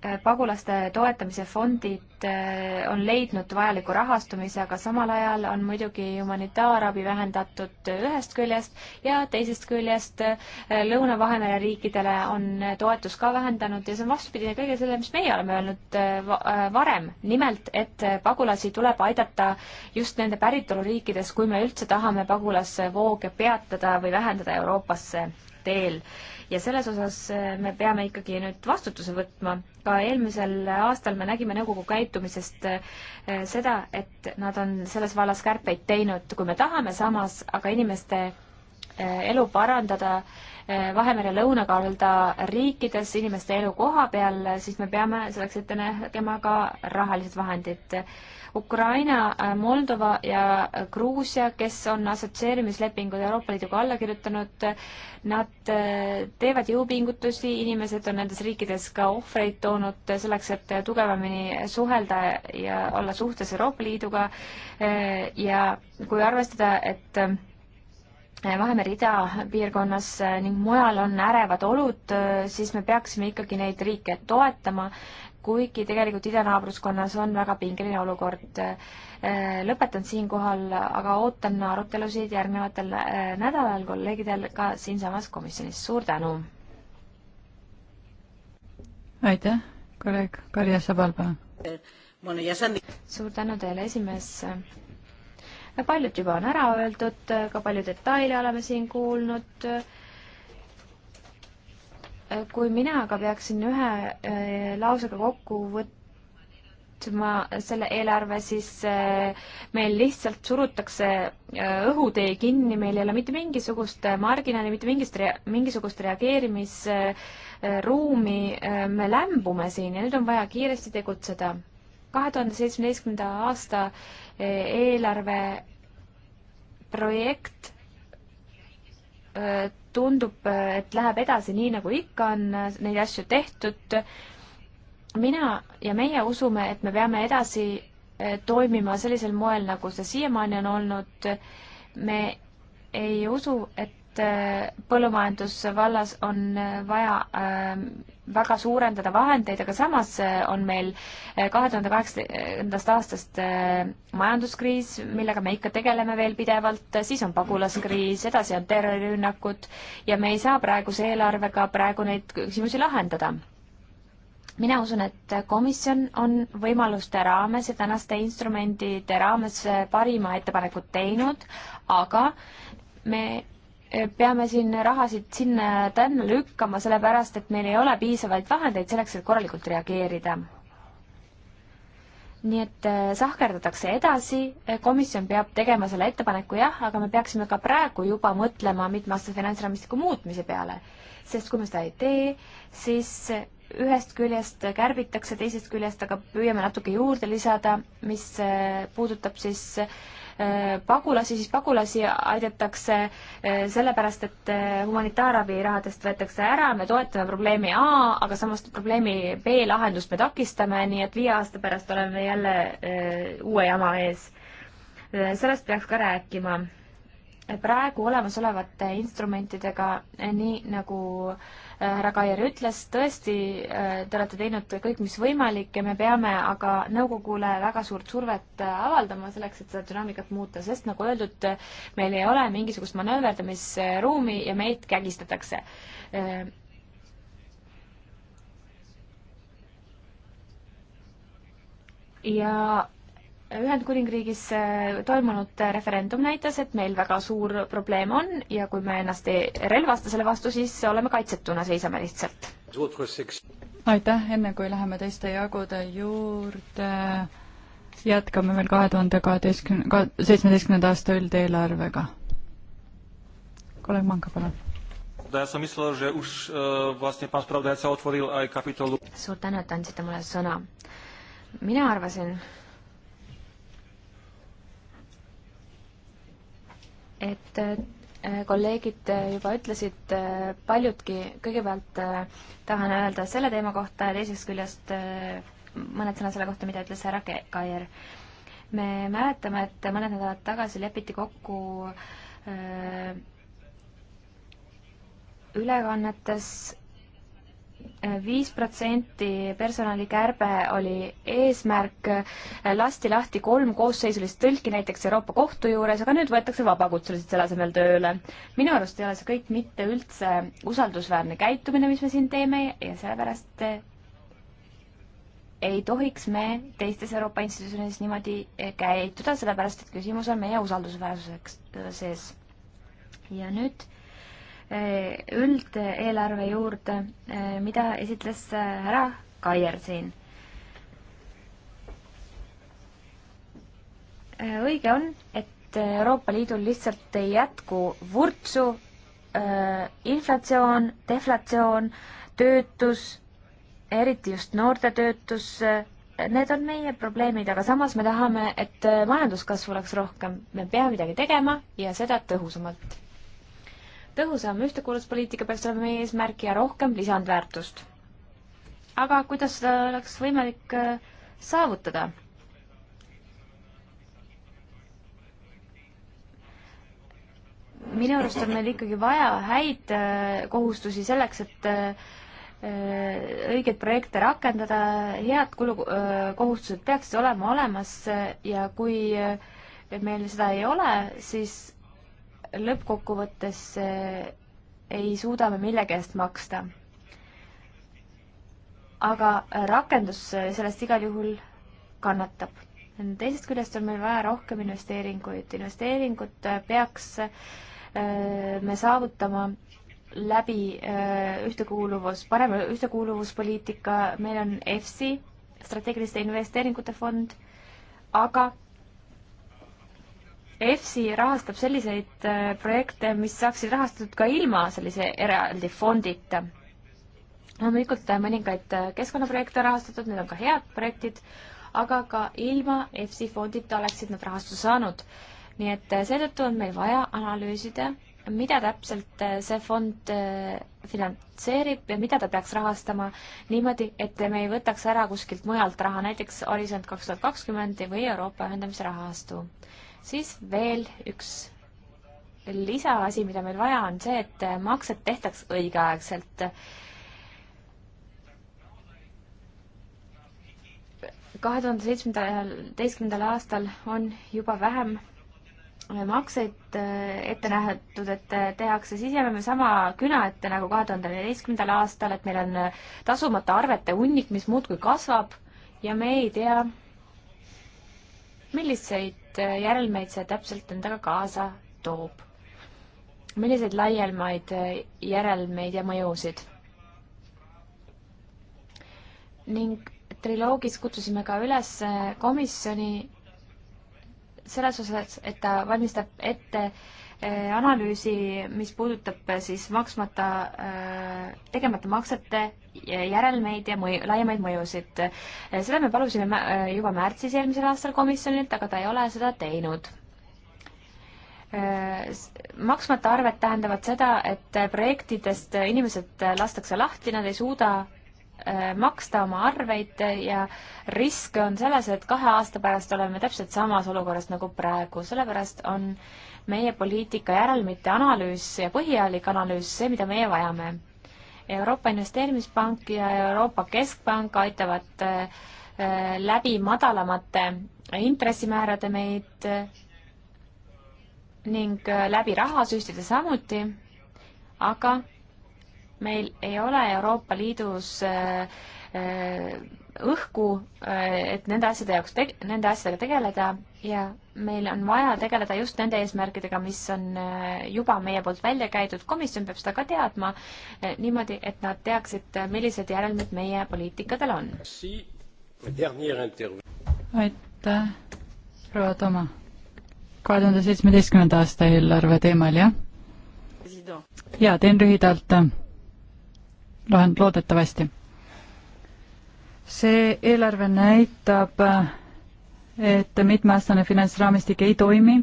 Äh, pagulaste toetamise fondid äh, on leidnud vajaliku rahastumise, aga samal ajal on muidugi humanitaarabi vähendatud ühest küljest ja teisest küljest äh, Lõuna-Vahemere riikidele on toetus ka vähendanud ja see on vastupidine kõigele sellele, mis meie oleme öelnud varem. nimelt, et pagulasi tuleb aidata just nende päritoluriikides, kui me üldse tahame pagulasvooge peatada või vähendada Euroopasse teel ja selles osas äh, me peame ikkagi nüüd vastutuse võtma. ka eelmisel aastal me nägime nõukogu käitumisest äh, seda, et nad on selles vallas kärpeid teinud, kui me tahame samas aga inimeste äh, elu parandada äh, Eh, Vahemere lõunakalda riikides inimeste elu koha peal, siis me peame selleks ette nägema ka rahalised vahendid. Ukraina, eh, Moldova ja Gruusia, kes on assotsieerimislepingud Euroopa Liiduga alla kirjutanud, nad eh, teevad jõupingutusi, inimesed on nendes riikides ka ohvreid toonud selleks, et tugevamini suhelda ja olla suhtes Euroopa Liiduga ja kui arvestada, et Äh, Vahemere idapiirkonnas äh, ning mujal on ärevad olud, äh, siis me peaksime ikkagi neid riike toetama, kuigi tegelikult idanaabruskonnas on väga pingeline olukord. lõpetan siinkohal, aga ootan arutelusid järgnevatel nädalal kolleegidel ka siinsamas komisjonis, suur tänu! aitäh, kolleeg Karja Sabalba! suur tänu teile, esimees! paljud juba on ära öeldud, ka palju detaile oleme siin kuulnud. kui mina aga peaksin ühe eh, lausega kokku võtma selle eelarve, siis eh, meil lihtsalt surutakse eh, õhutee kinni, meil ei ole mitte mingisugust marginaali, mitte mingist rea,, mingisugust reageerimisruumi, me lämbume siin ja nüüd on vaja kiiresti tegutseda kahe tuhande seitsmeteistkümnenda aasta e, eelarve projekt e, tundub, et läheb edasi nii, nagu ikka on neid asju tehtud. mina ja meie usume, et me peame edasi e, toimima sellisel moel, nagu see siiamaani on olnud. me ei usu, et et äh, põllumajandusvallas on äh, vaja ähm, väga suurendada vahendeid, aga samas äh, on meil kahe tuhande kaheksandast aastast majanduskriis, millega me ikka tegeleme veel pidevalt, siis on pagulaskriis, edasi on terrorirünnakud ja me ei saa praeguse eelarvega praegu neid küsimusi lahendada mina usun, et komisjon on võimaluste raames ja tänaste instrumentide raames parima ettepanekud teinud, aga me peame siin rahasid sinna-tänna lükkama, sellepärast et meil ei ole piisavaid vahendeid selleks, et korralikult reageerida. nii et äh, sahkerdatakse edasi, komisjon peab tegema selle ettepaneku jah, aga me peaksime ka praegu juba mõtlema mitmeaastase finantsraamistiku muutmise peale. sest kui me seda ei tee, siis ühest küljest kärbitakse, teisest küljest aga püüame natuke juurde lisada, mis äh, puudutab siis äh, Äh, pagulasi, siis pagulasi aidatakse äh, sellepärast, et äh, humanitaarabi rahadest võetakse ära, me toetame probleemi A, aga samas probleemi B lahendust me takistame, nii et viie aasta pärast oleme jälle uue jama ees. sellest peaks ka rääkima. praegu olemasolevate instrumentidega, nii nagu äh, härra Kaier ütles, tõesti, äh, te olete teinud kõik, mis võimalik ja me peame aga nõukogule väga suurt survet äh, avaldama selleks, et seda dünaamikat muuta, sest nagu öeldud, meil ei ole mingisugust manööverdamisruumi ja meid kägistatakse. Äh, ja Ühendkuningriigis äh, toimunud äh, referendum näitas, et meil väga suur probleem on ja kui me ennast ei relvasta selle vastu, siis oleme kaitsetuna, seisame lihtsalt. aitäh, enne kui läheme teiste jagude juurde, jätkame veel kahe tuhande kaheteistkümne, seitsmeteistkümnenda aasta üldeelarvega. kolleeg Manka, palun. Ja som myslel, že už uh, vlastne pán spravodajca otvoril aj kapitolu. Suur tänu, et andsite mulle sõna. mina arvasin, et äh, kolleegid äh, juba ütlesid äh, paljudki, kõigepealt tahan öelda selle teema kohta ja teisest küljest mõned sõnad selle kohta, mida ütles härra Kaier. me mäletame, et mõned nädalad tagasi lepiti kokku ülekannetes viis protsenti personalikärbe oli eesmärk, lasti lahti kolm koosseisulist tõlki näiteks Euroopa Kohtu juures, aga nüüd võetakse vabakutselised selle asemel tööle. minu arust ei ole see kõik mitte üldse usaldusväärne käitumine, mis me siin teeme ja sellepärast ei tohiks me teistes Euroopa institutsioonides niimoodi käituda, sellepärast et küsimus on meie usaldusväärsuseks äh, sees. ja nüüd äh, Eh, üldeelarve juurde, eh, mida esitles eh, härra Kaier siin. õige on, et Euroopa Liidul lihtsalt ei jätku vurtsu, inflatsioon, deflatsioon, töötus, eriti just noorte töötus, need on meie probleemid, aga samas me tahame, et majanduskasv oleks rohkem. me peame midagi tegema ja seda tõhusamalt tõhusam ühtekuuluvuspoliitika peaks olema meie eesmärk ja rohkem lisandväärtust. aga kuidas seda oleks võimalik äh, saavutada? minu arust on meil ikkagi vaja häid äh, kohustusi selleks, et äh, õigeid projekte rakendada, head kulukohustused peaksid olema olemas ja kui meil seda ei ole, siis lõppkokkuvõttes eh, ei suuda me millegi eest maksta. aga rakendus eh, sellest igal juhul kannatab. teisest küljest on meil vaja rohkem investeeringuid, investeeringud eh, peaks me saavutama läbi ühtekuuluvus, parema ühtekuuluvuspoliitika, meil on EFSI, strateegiliste investeeringute fond, aga EFSI rahastab selliseid äh, projekte, mis saaksid rahastatud ka ilma sellise eraldi fondita. loomulikult äh, mõningaid äh, keskkonnaprojekte on rahastatud, need on ka head projektid, aga ka ilma EFSI fondita oleksid nad rahastuse saanud. nii et seetõttu on meil vaja analüüsida, mida täpselt see fond finantseerib ja mida ta peaks rahastama niimoodi, et me ei võtaks ära kuskilt mujalt raha, näiteks Horisont kaks tuhat kakskümmend või Euroopa ühendamise rahastu siis veel üks lisaasi, mida meil vaja on see, et maksed tehtaks õigeaegselt. kahe tuhande seitsmeteistkümnendal aastal on juba vähem makseid äh, ette nähtud, et äh, tehakse, siis jääme me sama küna ette nagu kahe tuhande neljateistkümnendal aastal, et meil on äh, tasumata arvete hunnik, mis muudkui kasvab ja me ei tea, milliseid milliseid äh, järelmeid see täpselt endaga kaasa toob? milliseid laiemaid äh, järelmeid ja mõjusid? ning triloogis kutsusime ka üles äh, komisjoni selles osas, et ta valmistab ette äh, Eh, analüüsi, mis puudutab eh, siis maksmata, eh, tegemata maksete järelmeid ja mõju, laiemaid mõjusid. seda me palusime juba märtsis eelmisel aastal komisjonilt, aga ta ei ole seda teinud maksmata arved tähendavad seda, et projektidest inimesed lastakse lahti, nad ei suuda maksta oma arveid ja risk on selles, et kahe aasta pärast oleme täpselt samas olukorras nagu praegu, sellepärast on äh, meie poliitika järel, mitte analüüs ja põhjalik analüüs, see, mida meie vajame. Euroopa Investeerimispank ja Euroopa Keskpank aitavad äh, äh, läbi madalamate intressimäärade meid äh, ning läbi rahasüstide samuti, aga meil ei ole Euroopa Liidus õhku, äh, et nende asjade jaoks, nende asjadega tegeleda ja meil on vaja tegeleda just nende eesmärkidega, mis on äh, juba meie poolt välja käidud, komisjon peab seda ka teadma äh, niimoodi, et nad teaksid, millised järelmid meie poliitikadel on. aitäh, proua Toma. kahe tuhande seitsmeteistkümnenda aasta eelarve teemal, jah? jaa, teen lühidalt. loen loodetavasti see eelarve näitab, et mitmeaastane finantsraamistik ei toimi.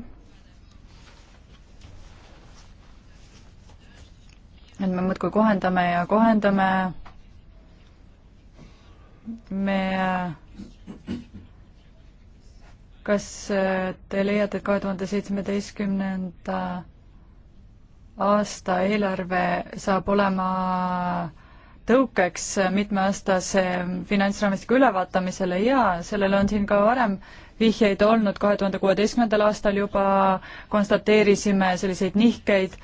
et me muudkui kohendame ja kohendame. me, kas te leiate, et kahe tuhande seitsmeteistkümnenda aasta eelarve saab olema tõukeks mitmeaastase finantsraamistiku ülevaatamisele ja sellele on siin ka varem vihjeid olnud, kahe tuhande kuueteistkümnendal aastal juba konstateerisime selliseid nihkeid,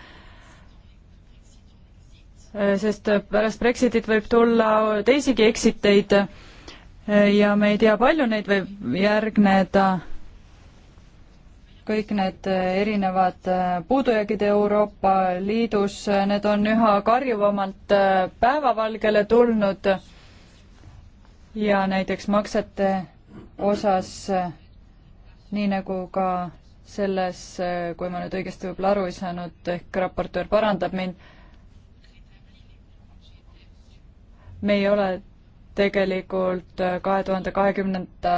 sest pärast Brexitit võib tulla teisigi eksiteid ja me ei tea, palju neid võib järgneda kõik need eh, erinevad eh, puudujäägid Euroopa Liidus, eh, need on üha karjuvamalt päevavalgele tulnud ja näiteks maksete osas, nii nagu ka selles, kui ma nüüd õigesti võib-olla aru ei saanud, ehk raportöör parandab mind, me ei ole tegelikult äh, kahe tuhande kahekümnenda,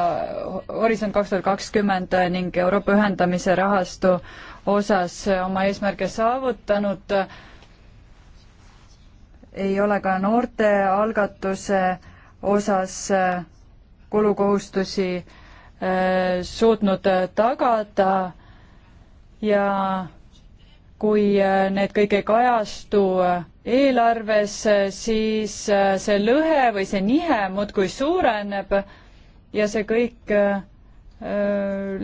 Horisont kaks tuhat kakskümmend ning Euroopa ühendamise rahastu osas oma eesmärke saavutanud. ei ole ka noortealgatuse osas äh, kulukohustusi äh, suutnud tagada ja kui äh, need kõik ei kajastu äh, eelarves, äh, siis see lõhe või see nihe muudkui suureneb ja see kõik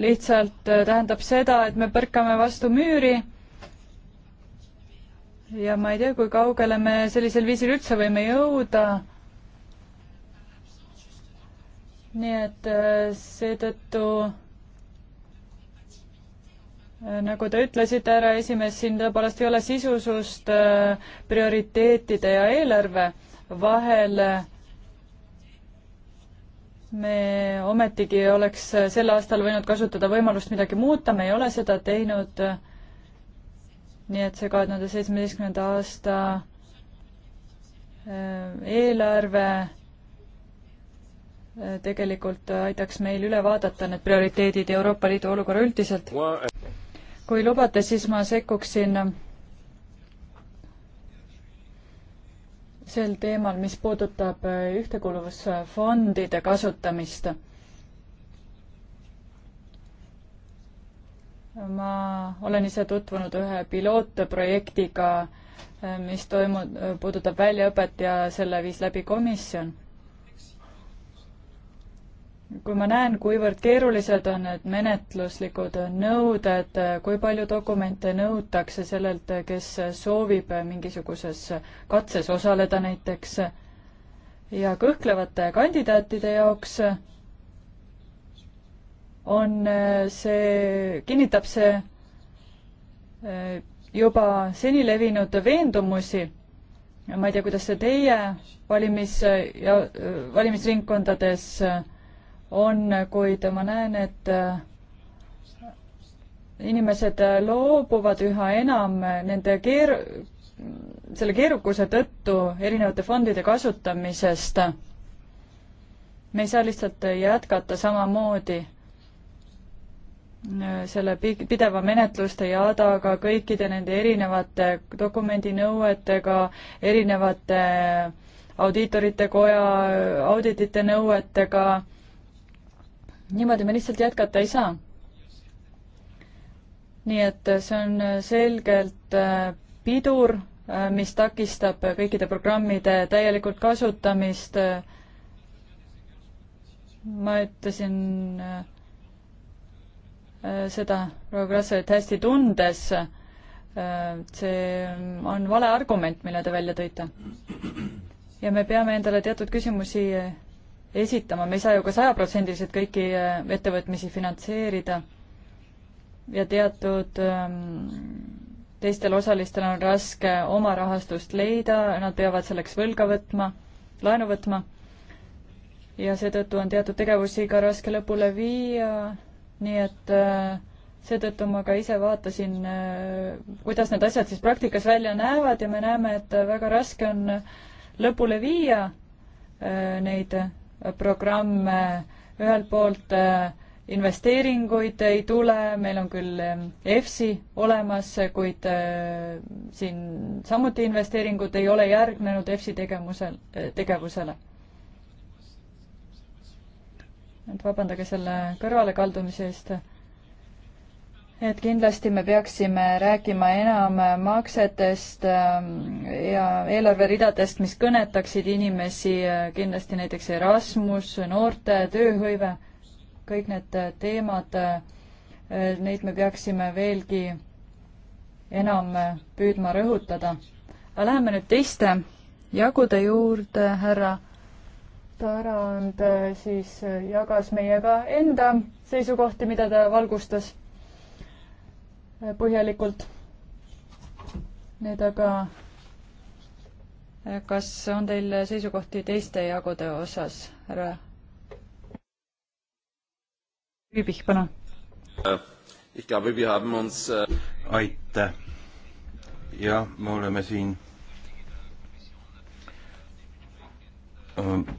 lihtsalt tähendab seda, et me põrkame vastu müüri ja ma ei tea, kui kaugele me sellisel viisil üldse võime jõuda. nii et seetõttu nagu te ütlesite, härra esimees, siin tõepoolest ei ole sisusust äh, prioriteetide ja eelarve vahel. me ometigi oleks sel aastal võinud kasutada võimalust midagi muuta, me ei ole seda teinud. nii et see kahe tuhande seitsmeteistkümnenda aasta äh, eelarve äh, tegelikult aitaks meil üle vaadata need prioriteedid Euroopa Liidu olukorra üldiselt kui lubate, siis ma sekkuksin sel teemal, mis puudutab ühtekuuluvusfondide kasutamist. ma olen ise tutvunud ühe pilootprojektiga, mis toimu-, puudutab väljaõpet ja selle viis läbi komisjon kui ma näen, kuivõrd keerulised on need menetluslikud nõuded, kui palju dokumente nõutakse sellelt, kes soovib mingisuguses katses osaleda näiteks, ja kõhklevate kandidaatide jaoks on see, kinnitab see eh, juba seni levinud veendumusi ma ei tea, kuidas see teie valimis ja eh, valimisringkondades eh, on, kuid ma näen, et äh, inimesed äh, loobuvad üha enam nende keer-, selle keerukuse tõttu erinevate fondide kasutamisest. me ei saa lihtsalt jätkata samamoodi äh, selle pideva menetluste jadaga, kõikide nende erinevate dokumendinõuetega, erinevate audiitorite koja auditite nõuetega niimoodi me lihtsalt jätkata ei saa. nii et see on selgelt äh, pidur, äh, mis takistab kõikide programmide täielikult kasutamist. ma ütlesin äh, seda proua Krasselit hästi tundes, see on vale argument, mille te välja tõite. ja me peame endale teatud küsimusi esitama, me ei saa ju ka sajaprotsendiliselt kõiki äh, ettevõtmisi finantseerida ja teatud ähm, teistel osalistel on raske oma rahastust leida, nad peavad selleks võlga võtma, laenu võtma ja seetõttu on teatud tegevusi ka raske lõpule viia, nii et äh, seetõttu ma ka ise vaatasin, äh, kuidas need asjad siis praktikas välja näevad ja me näeme, et väga raske on lõpule viia neid programm ühelt poolt äh, investeeringuid ei tule, meil on küll äh, EFSI olemas, kuid äh, siin samuti investeeringud ei ole järgnenud EFSI tegevusel, tegevusele. et vabandage selle kõrvalekaldumise eest et kindlasti me peaksime rääkima enam maksetest ähm, ja eelarveridadest, mis kõnetaksid inimesi, äh, kindlasti näiteks Erasmus, noorte, tööhõive, kõik need äh, teemad, äh, neid me peaksime veelgi enam püüdma rõhutada. aga läheme nüüd teiste jagude juurde, härra Tarand siis jagas meiega enda seisukohti, mida ta valgustas põhjalikult. Need aga, kas on teil seisukohti teiste jagude osas, härra? Rüübih, palun. Äh, aitäh. jah, me oleme siin äh,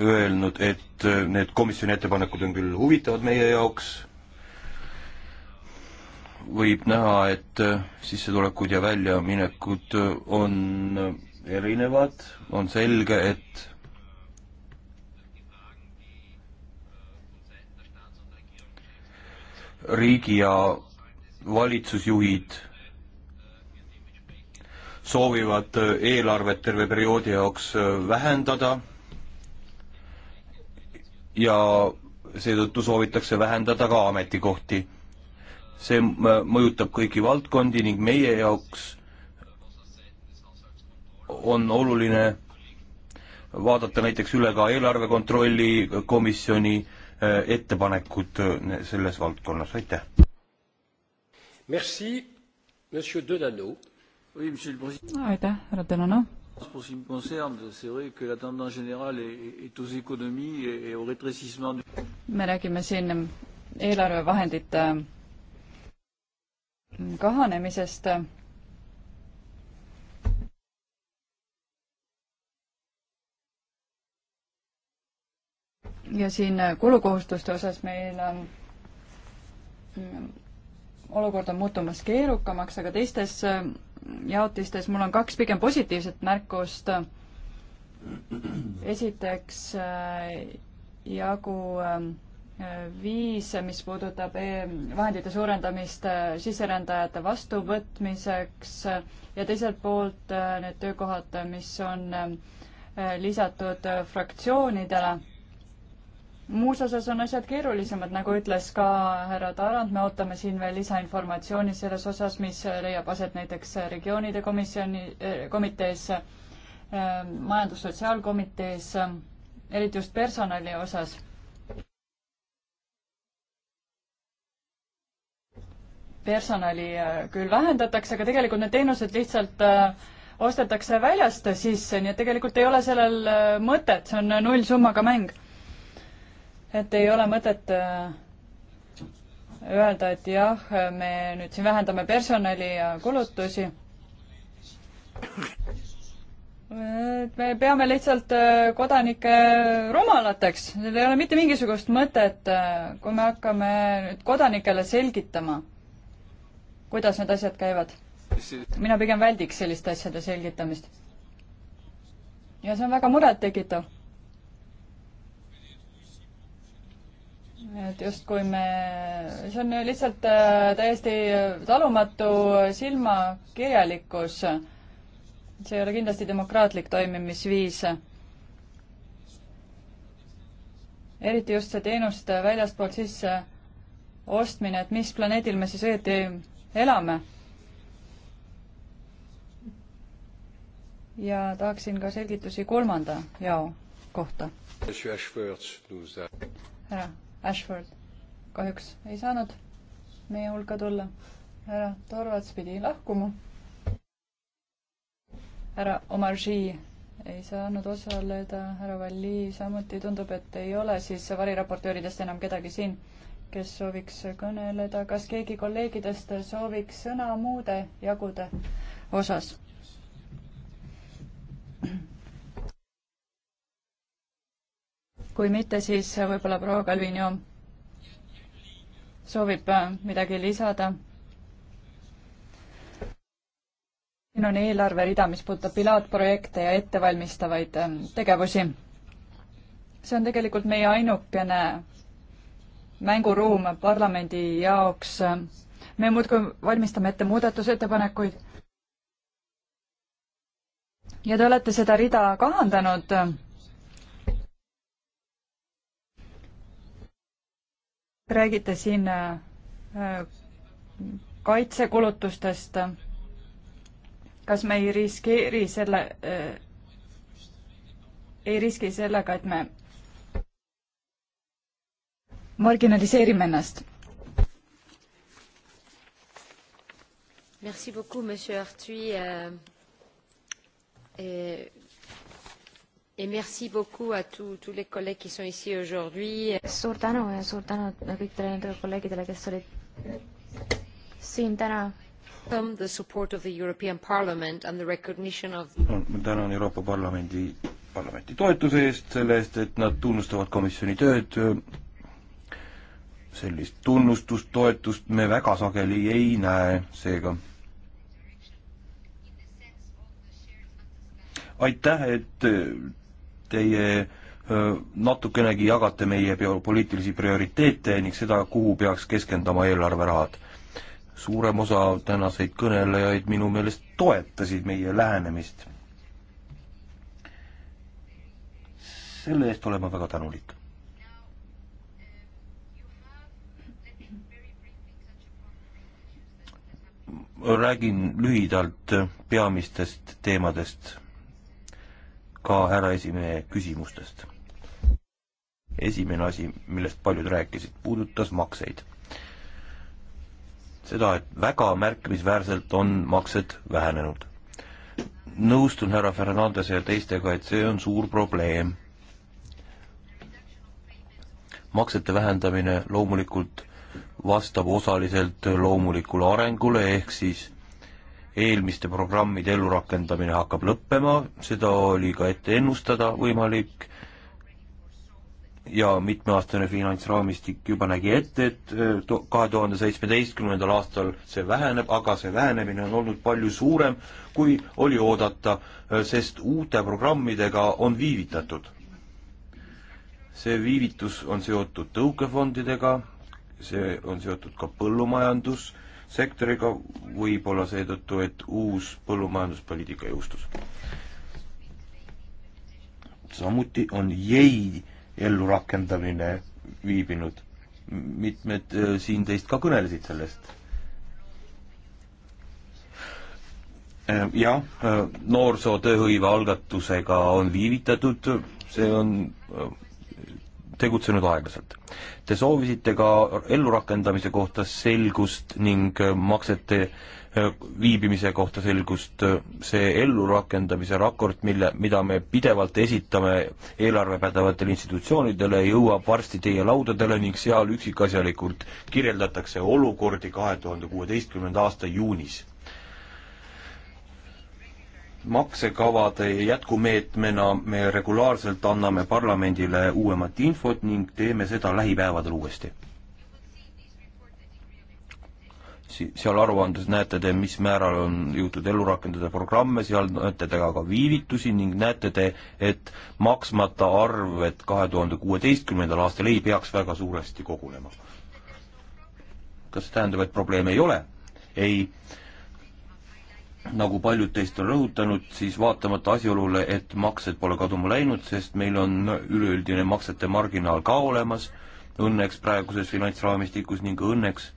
öelnud, et äh, need komisjoni ettepanekud on küll huvitavad meie jaoks, võib näha, et äh, sissetulekud ja väljaminekud äh, on äh, erinevad, on selge, et riigi ja valitsusjuhid soovivad eelarvet terve perioodi jaoks vähendada ja seetõttu soovitakse vähendada ka ametikohti see mõjutab kõiki valdkondi ning meie jaoks on oluline vaadata näiteks üle ka eelarve kontrolli komisjoni äh, ettepanekud äh, selles valdkonnas, aitäh. aitäh, härra Denano. Pour ce qui me concerne, c'est vrai que la tendance générale est, est aux économies et, et au rétrécissement du... me räägime siin eelarvevahendite kahanemisest. ja siin kulukohustuste osas meil on, olukord on muutumas keerukamaks, aga teistes äh, jaotistes mul on kaks pigem positiivset märkust. esiteks äh, jagu äh, viis, mis puudutab e vahendite suurendamist äh, sisserändajate vastuvõtmiseks äh, ja teiselt poolt äh, need töökohad, mis on lisatud fraktsioonidele. muus osas on asjad keerulisemad, nagu ütles ka härra Tarand, me ootame siin veel lisainformatsiooni selles osas, mis leiab aset näiteks regioonide komisjoni, komitees, majandus-sotsiaalkomitees, eriti just personali osas personali äh, küll vähendatakse, aga tegelikult need teenused lihtsalt äh, ostetakse väljast sisse, nii et tegelikult ei ole sellel äh, mõtet, see on nullsummaga mäng. et ei ole mõtet öelda, et jah, me nüüd siin vähendame personali ja kulutusi. et me peame lihtsalt kodanikke rumalateks, sellel ei ole mitte mingisugust mõtet, kui me hakkame nüüd kodanikele selgitama kuidas need asjad käivad? mina pigem väldiks selliste asjade selgitamist. ja see on väga murettekitav. et justkui me, see on lihtsalt äh, täiesti talumatu silmakirjalikkus. see ei ole kindlasti demokraatlik toimimisviis. eriti just see teenuste väljastpoolt sisse ostmine, et mis planeedil me siis õieti elame. ja tahaksin ka selgitusi kolmanda jao kohta. härra Ashford kahjuks ei saanud meie hulka tulla. härra Torvalds pidi lahkuma. härra Omarži ei saanud osaleda, härra Valli samuti tundub, et ei ole siis variraportööridest enam kedagi siin kes sooviks kõneleda, kas keegi kolleegidest sooviks sõna muude jagude osas? kui mitte, siis võib-olla proua Calvino soovib äh, midagi lisada. siin on eelarverida, mis puudutab pilaatprojekte ja ettevalmistavaid äh, tegevusi. see on tegelikult meie ainukene mänguruum parlamendi jaoks. me muudkui valmistame ette muudatusettepanekuid. ja te olete seda rida kahandanud räägite siin äh, kaitsekulutustest. kas me ei riskeeri selle, äh, ei riski sellega, et me marginaliseerime ennast. Merci beaucoup, monsieur Artui euh,. Et, et merci beaucoup à tous, tous les collègues qui sont ici aujourd'hui. suur tänu ja suur tänu kõikidele nendele kolleegidele, kes olid siin täna welcome the support of the European Parliament and the recognition of ma tänan Euroopa Parlamendi, parlamenti toetuse eest, selle eest, et nad tunnustavad komisjoni tööd sellist tunnustust, toetust me väga sageli ei näe, seega. aitäh, et äh, teie äh, natukenegi jagate meie poliitilisi prioriteete ning seda, kuhu peaks keskendama eelarverahad. suurem osa tänaseid kõnelejaid minu meelest toetasid meie lähenemist. selle eest olen ma väga tänulik. räägin lühidalt peamistest teemadest, ka härra esimehe küsimustest. esimene asi, millest paljud rääkisid, puudutas makseid. seda, et väga märkimisväärselt on maksed vähenenud. nõustun härra Fernandese ja teistega, et see on suur probleem. maksete vähendamine loomulikult vastab osaliselt loomulikule arengule, ehk siis eelmiste programmide ellurakendamine hakkab lõppema, seda oli ka ette ennustada võimalik, ja mitmeaastane finantsraamistik juba nägi ette, et äh, kahe tuhande seitsmeteistkümnendal aastal see väheneb, aga see vähenemine on olnud palju suurem, kui oli oodata, äh, sest uute programmidega on viivitatud. see viivitus on seotud tõukefondidega, see on seotud ka põllumajandussektoriga, võib-olla seetõttu, et uus põllumajanduspoliitika jõustus. samuti on jäi ellurakendamine viibinud. mitmed äh, siin teist ka kõnelesid sellest äh, jah, äh, noorsootööhõive algatusega on viivitatud, see on tegutsenud aeglaselt. Te soovisite ka ellurakendamise kohta selgust ning äh, maksete äh, viibimise kohta selgust, see ellurakendamise raport, mille, mida me pidevalt esitame eelarvepädevatele institutsioonidele, jõuab varsti teie laudadele ning seal üksikasjalikult kirjeldatakse olukordi kahe tuhande kuueteistkümnenda aasta juunis maksekavade jätkumeetmena me regulaarselt anname parlamendile uuemat infot ning teeme seda lähipäevadel uuesti. seal aruandes näete te, mis määral on jõutud ellu rakendada programme, seal näete te aga viivitusi ning näete te, et maksmata arved kahe tuhande kuueteistkümnendal aastal ei peaks väga suuresti kogunema. kas see tähendab, et probleeme ei ole? ei nagu paljud teist on rõhutanud, siis vaatamata asjaolule, et maksed pole kaduma läinud, sest meil on üleüldine maksete marginaal ka olemas, õnneks praeguses finantsraamistikus ning õnneks,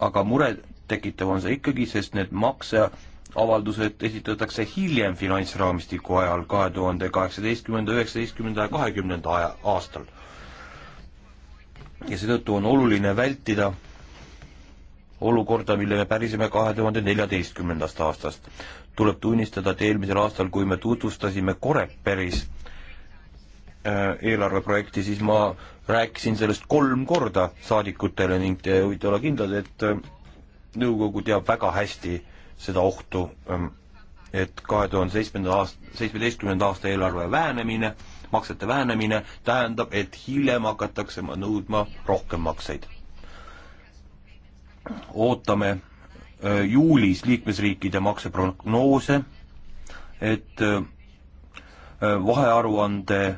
aga muret tekitav on see ikkagi, sest need makseavaldused esitatakse hiljem finantsraamistiku ajal, kahe tuhande kaheksateistkümnenda, üheksateistkümnenda ja kahekümnenda aja, aastal. ja seetõttu on oluline vältida olukorda, mille me pärisime kahe tuhande neljateistkümnendast aastast. tuleb tunnistada, et eelmisel aastal, kui me tutvustasime Coreperis äh, eelarveprojekti, siis ma rääkisin sellest kolm korda saadikutele ning te võite olla kindlad, et äh, nõukogu teab väga hästi seda ohtu, ähm, et kahe tuhande seitsmenda aasta, seitsmeteistkümnenda aasta eelarve vähenemine, maksete vähenemine tähendab, et hiljem hakatakse nõudma rohkem makseid ootame juulis liikmesriikide makseprognoose, et vahearuande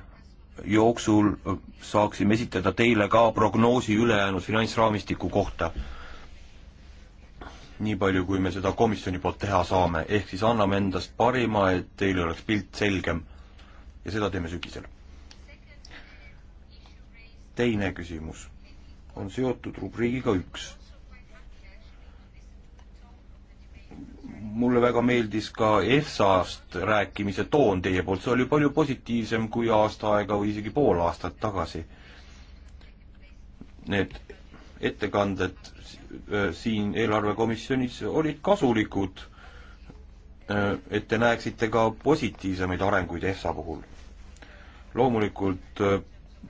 jooksul saaksime esitada teile ka prognoosi ülejäänud finantsraamistiku kohta. nii palju, kui me seda komisjoni poolt teha saame, ehk siis anname endast parima, et teil oleks pilt selgem. ja seda teeme sügisel. teine küsimus on seotud rubriigiga üks mulle väga meeldis ka EFSA-st rääkimise toon teie poolt, see oli palju positiivsem kui aasta aega või isegi pool aastat tagasi. Need ettekanded äh, siin eelarvekomisjonis olid kasulikud, äh, et te näeksite ka positiivsemaid arenguid EFSA puhul. loomulikult äh,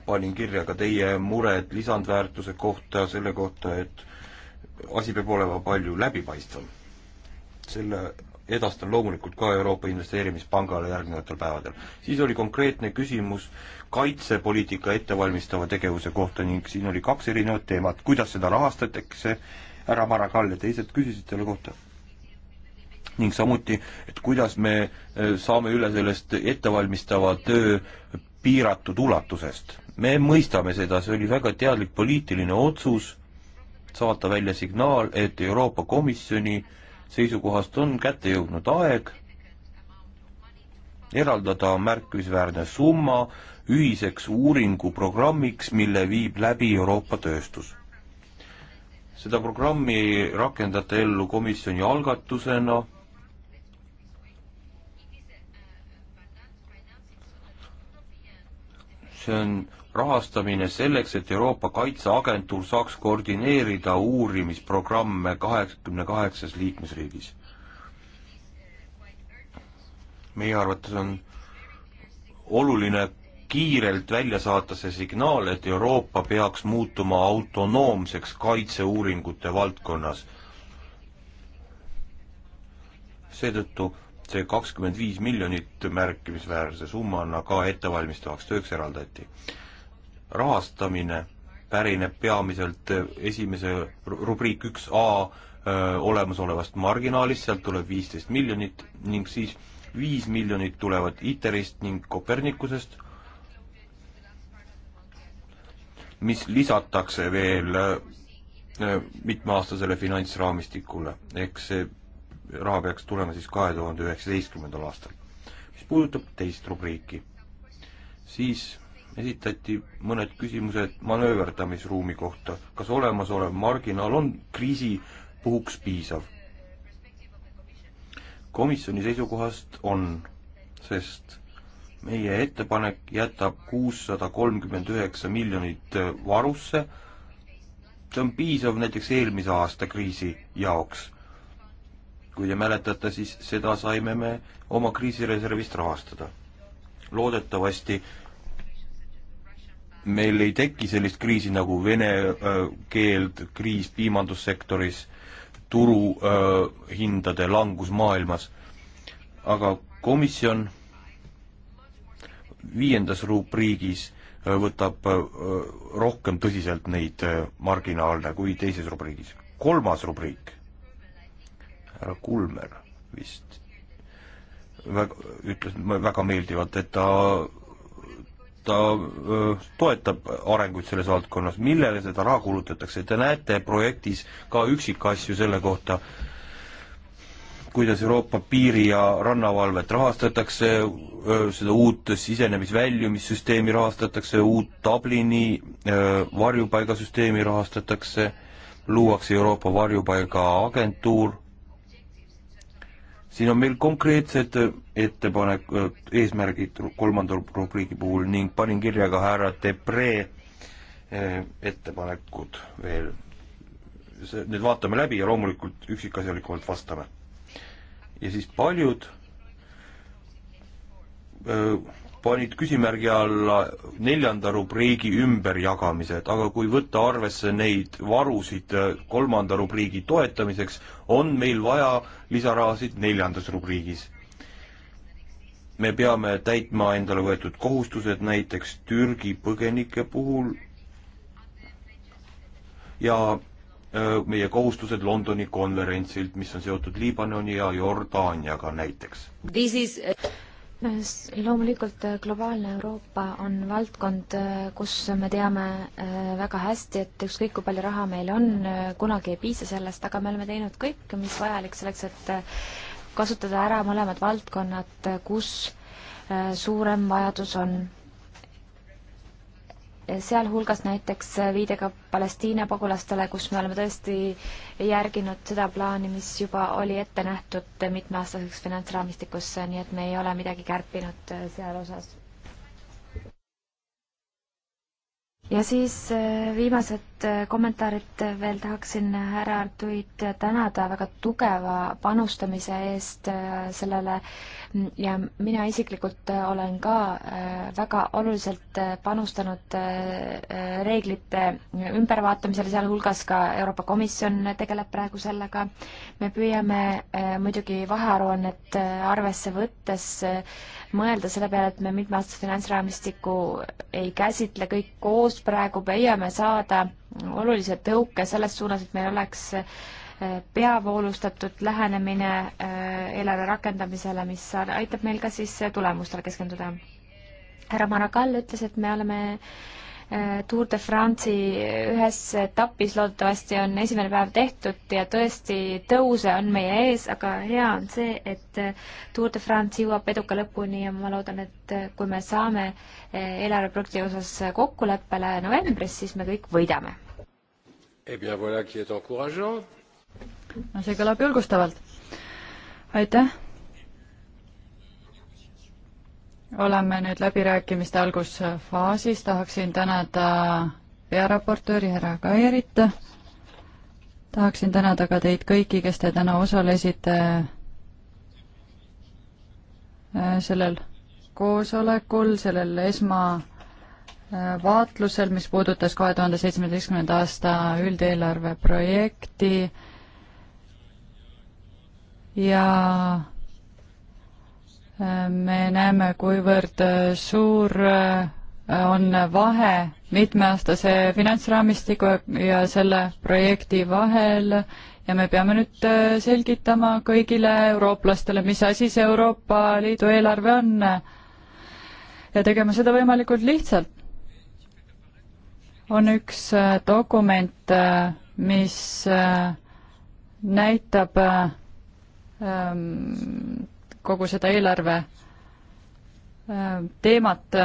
panin kirja ka teie mured lisandväärtuse kohta, selle kohta, et asi peab olema palju läbipaistvam selle edastan loomulikult ka Euroopa Investeerimispangale järgnevatel päevadel. siis oli konkreetne küsimus kaitsepoliitika ettevalmistava tegevuse kohta ning siin oli kaks erinevat teemat, kuidas seda rahastatakse, härra Maragall ja teised küsisid selle kohta. ning samuti, et kuidas me e, saame üle sellest ettevalmistava töö piiratud ulatusest. me mõistame seda, see oli väga teadlik poliitiline otsus, saata välja signaal, et Euroopa Komisjoni äh, seisukohast on kätte jõudnud aeg eraldada märkimisväärne summa ühiseks uuringuprogrammiks, mille viib läbi Euroopa tööstus. seda programmi rakendate ellu komisjoni algatusena see on rahastamine selleks, et Euroopa Kaitseagentuur saaks koordineerida uurimisprogramme kaheksakümne kaheksas liikmesriigis. meie arvates on oluline kiirelt välja saata see signaal, et Euroopa peaks muutuma autonoomseks kaitseuuringute valdkonnas. seetõttu see kakskümmend viis miljonit märkimisväärse summana ka ettevalmistavaks tööks eraldati rahastamine pärineb peamiselt esimese rubriik üks A olemasolevast marginaalist, sealt tuleb viisteist miljonit ning siis viis miljonit tulevad ITER-ist ning Kopernikusest, mis lisatakse veel mitmeaastasele finantsraamistikule, eks see raha peaks tulema siis kahe tuhande üheksateistkümnendal aastal. mis puudutab teist rubriiki, siis esitati mõned küsimused manööverdamisruumi kohta. kas olemasolev marginaal on kriisi puhuks piisav? komisjoni seisukohast on, sest meie ettepanek jätab kuussada kolmkümmend üheksa miljonit varusse, see on piisav näiteks eelmise aasta kriisi jaoks. kui te mäletate, siis seda saime me oma kriisireservist rahastada. loodetavasti äh, meil ei teki sellist kriisi nagu vene öö, keeld, kriis piimandussektoris, turuhindade langus maailmas. aga komisjon viiendas rubriigis võtab öö, rohkem tõsiselt neid öö, marginaale kui teises rubriigis. kolmas rubriik, härra Kulmer vist väga, ütles väga meeldivalt, et ta ta öö, toetab arenguid selles valdkonnas, millele seda raha kulutatakse, te näete projektis ka üksikasju selle kohta, kuidas Euroopa piiri- ja rannavalvet rahastatakse, seda uut sisenemis-väljumissüsteemi rahastatakse, uut Dublini varjupaigasüsteemi rahastatakse, luuakse Euroopa varjupaigaagentuur siin on meil konkreetsed äh, ettepanek, äh, eesmärgid kolmanda rubriigi puhul ning panin kirja ka härra Debre äh, ettepanekud veel. Need vaatame läbi ja loomulikult üksikasjalikumalt vastame. ja siis paljud öö, panid küsimärgi alla neljanda rubriigi ümberjagamised, aga kui võtta arvesse neid varusid äh, kolmanda rubriigi toetamiseks, on meil vaja lisarahasid neljandas rubriigis. me peame täitma endale võetud kohustused näiteks Türgi põgenike puhul ja äh, meie kohustused Londoni konverentsilt, mis on seotud Liibanoni ja Jordaaniaga näiteks. Is... Uh, Äh, loomulikult äh, globaalne Euroopa on valdkond, äh, kus me teame väga hästi, et ükskõik kui palju raha meil on, kunagi ei piisa sellest, aga me oleme teinud kõik, mis vajalik selleks, et kasutada ära mõlemad valdkonnad, kus suurem vajadus on sealhulgas näiteks viidega Palestiina pagulastele, kus me oleme tõesti järginud seda plaani, mis juba oli ette nähtud mitmeaastaseks finantsraamistikusse, nii et me ei ole midagi kärpinud äh, seal osas. ja siis äh, viimased mõned äh, kommentaarid veel tahaksin härra Artuid tänada väga tugeva panustamise eest äh, sellele ja mina isiklikult äh, olen ka väga oluliselt panustanud reeglite ümbervaatamisele, sealhulgas ka Euroopa Komisjon tegeleb praegu sellega. me püüame muidugi vahearuannet arvesse võttes mõelda selle peale, et me mitmeaastase finantsraamistiku ei käsitle kõik koos praegu, püüame saada olulise tõuke selles suunas, et meil oleks äh, peavoolustatud lähenemine äh, eelarve rakendamisele, mis aitab meil ka siis äh, tulemustele keskenduda. härra Maragall ütles, et me oleme äh, Äh, Tour de France'i äh, ühes etapis loodetavasti on esimene päev tehtud ja tõesti tõuse on meie ees, aga hea on see, et äh, Tour de France jõuab eduka lõpuni ja ma loodan, et kui me saame eelarveprojekti osas kokkuleppele novembris, siis me kõik võidame. Eh no see kõlab julgustavalt. aitäh oleme nüüd läbirääkimiste algusfaasis, tahaksin tänada pearaportööri härra Kairit, tahaksin tänada ka teid kõiki, kes te täna osalesite äh, sellel koosolekul, sellel esmavaatlusel, äh, mis puudutas kahe tuhande seitsmeteistkümnenda aasta üldeelarve projekti ja me näeme, kuivõrd äh, suur äh, on vahe mitmeaastase finantsraamistiku ja selle projekti vahel ja me peame nüüd äh, selgitama kõigile eurooplastele, mis asi see Euroopa Liidu eelarve on. ja tegema seda võimalikult lihtsalt. on üks dokument, mis näitab ähm, kogu seda eelarve äh, teemat.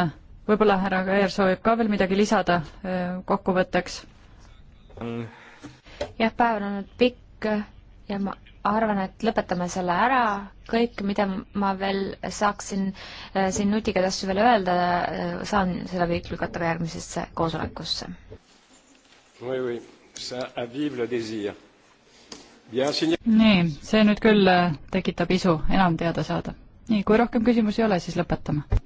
võib-olla härra Kaer soovib ka veel midagi lisada äh, kokkuvõtteks? jah, päev on olnud pikk ja ma arvan, et lõpetame selle ära, kõik, mida ma veel saaksin äh, siin nutikaid asju veel öelda, saan selle kõik lükata ka järgmisesse koosolekusse. Oui, oui. Ça avive le désir nii, see nüüd küll äh, tekitab isu enam teada saada. nii, kui rohkem küsimusi ei ole, siis lõpetame.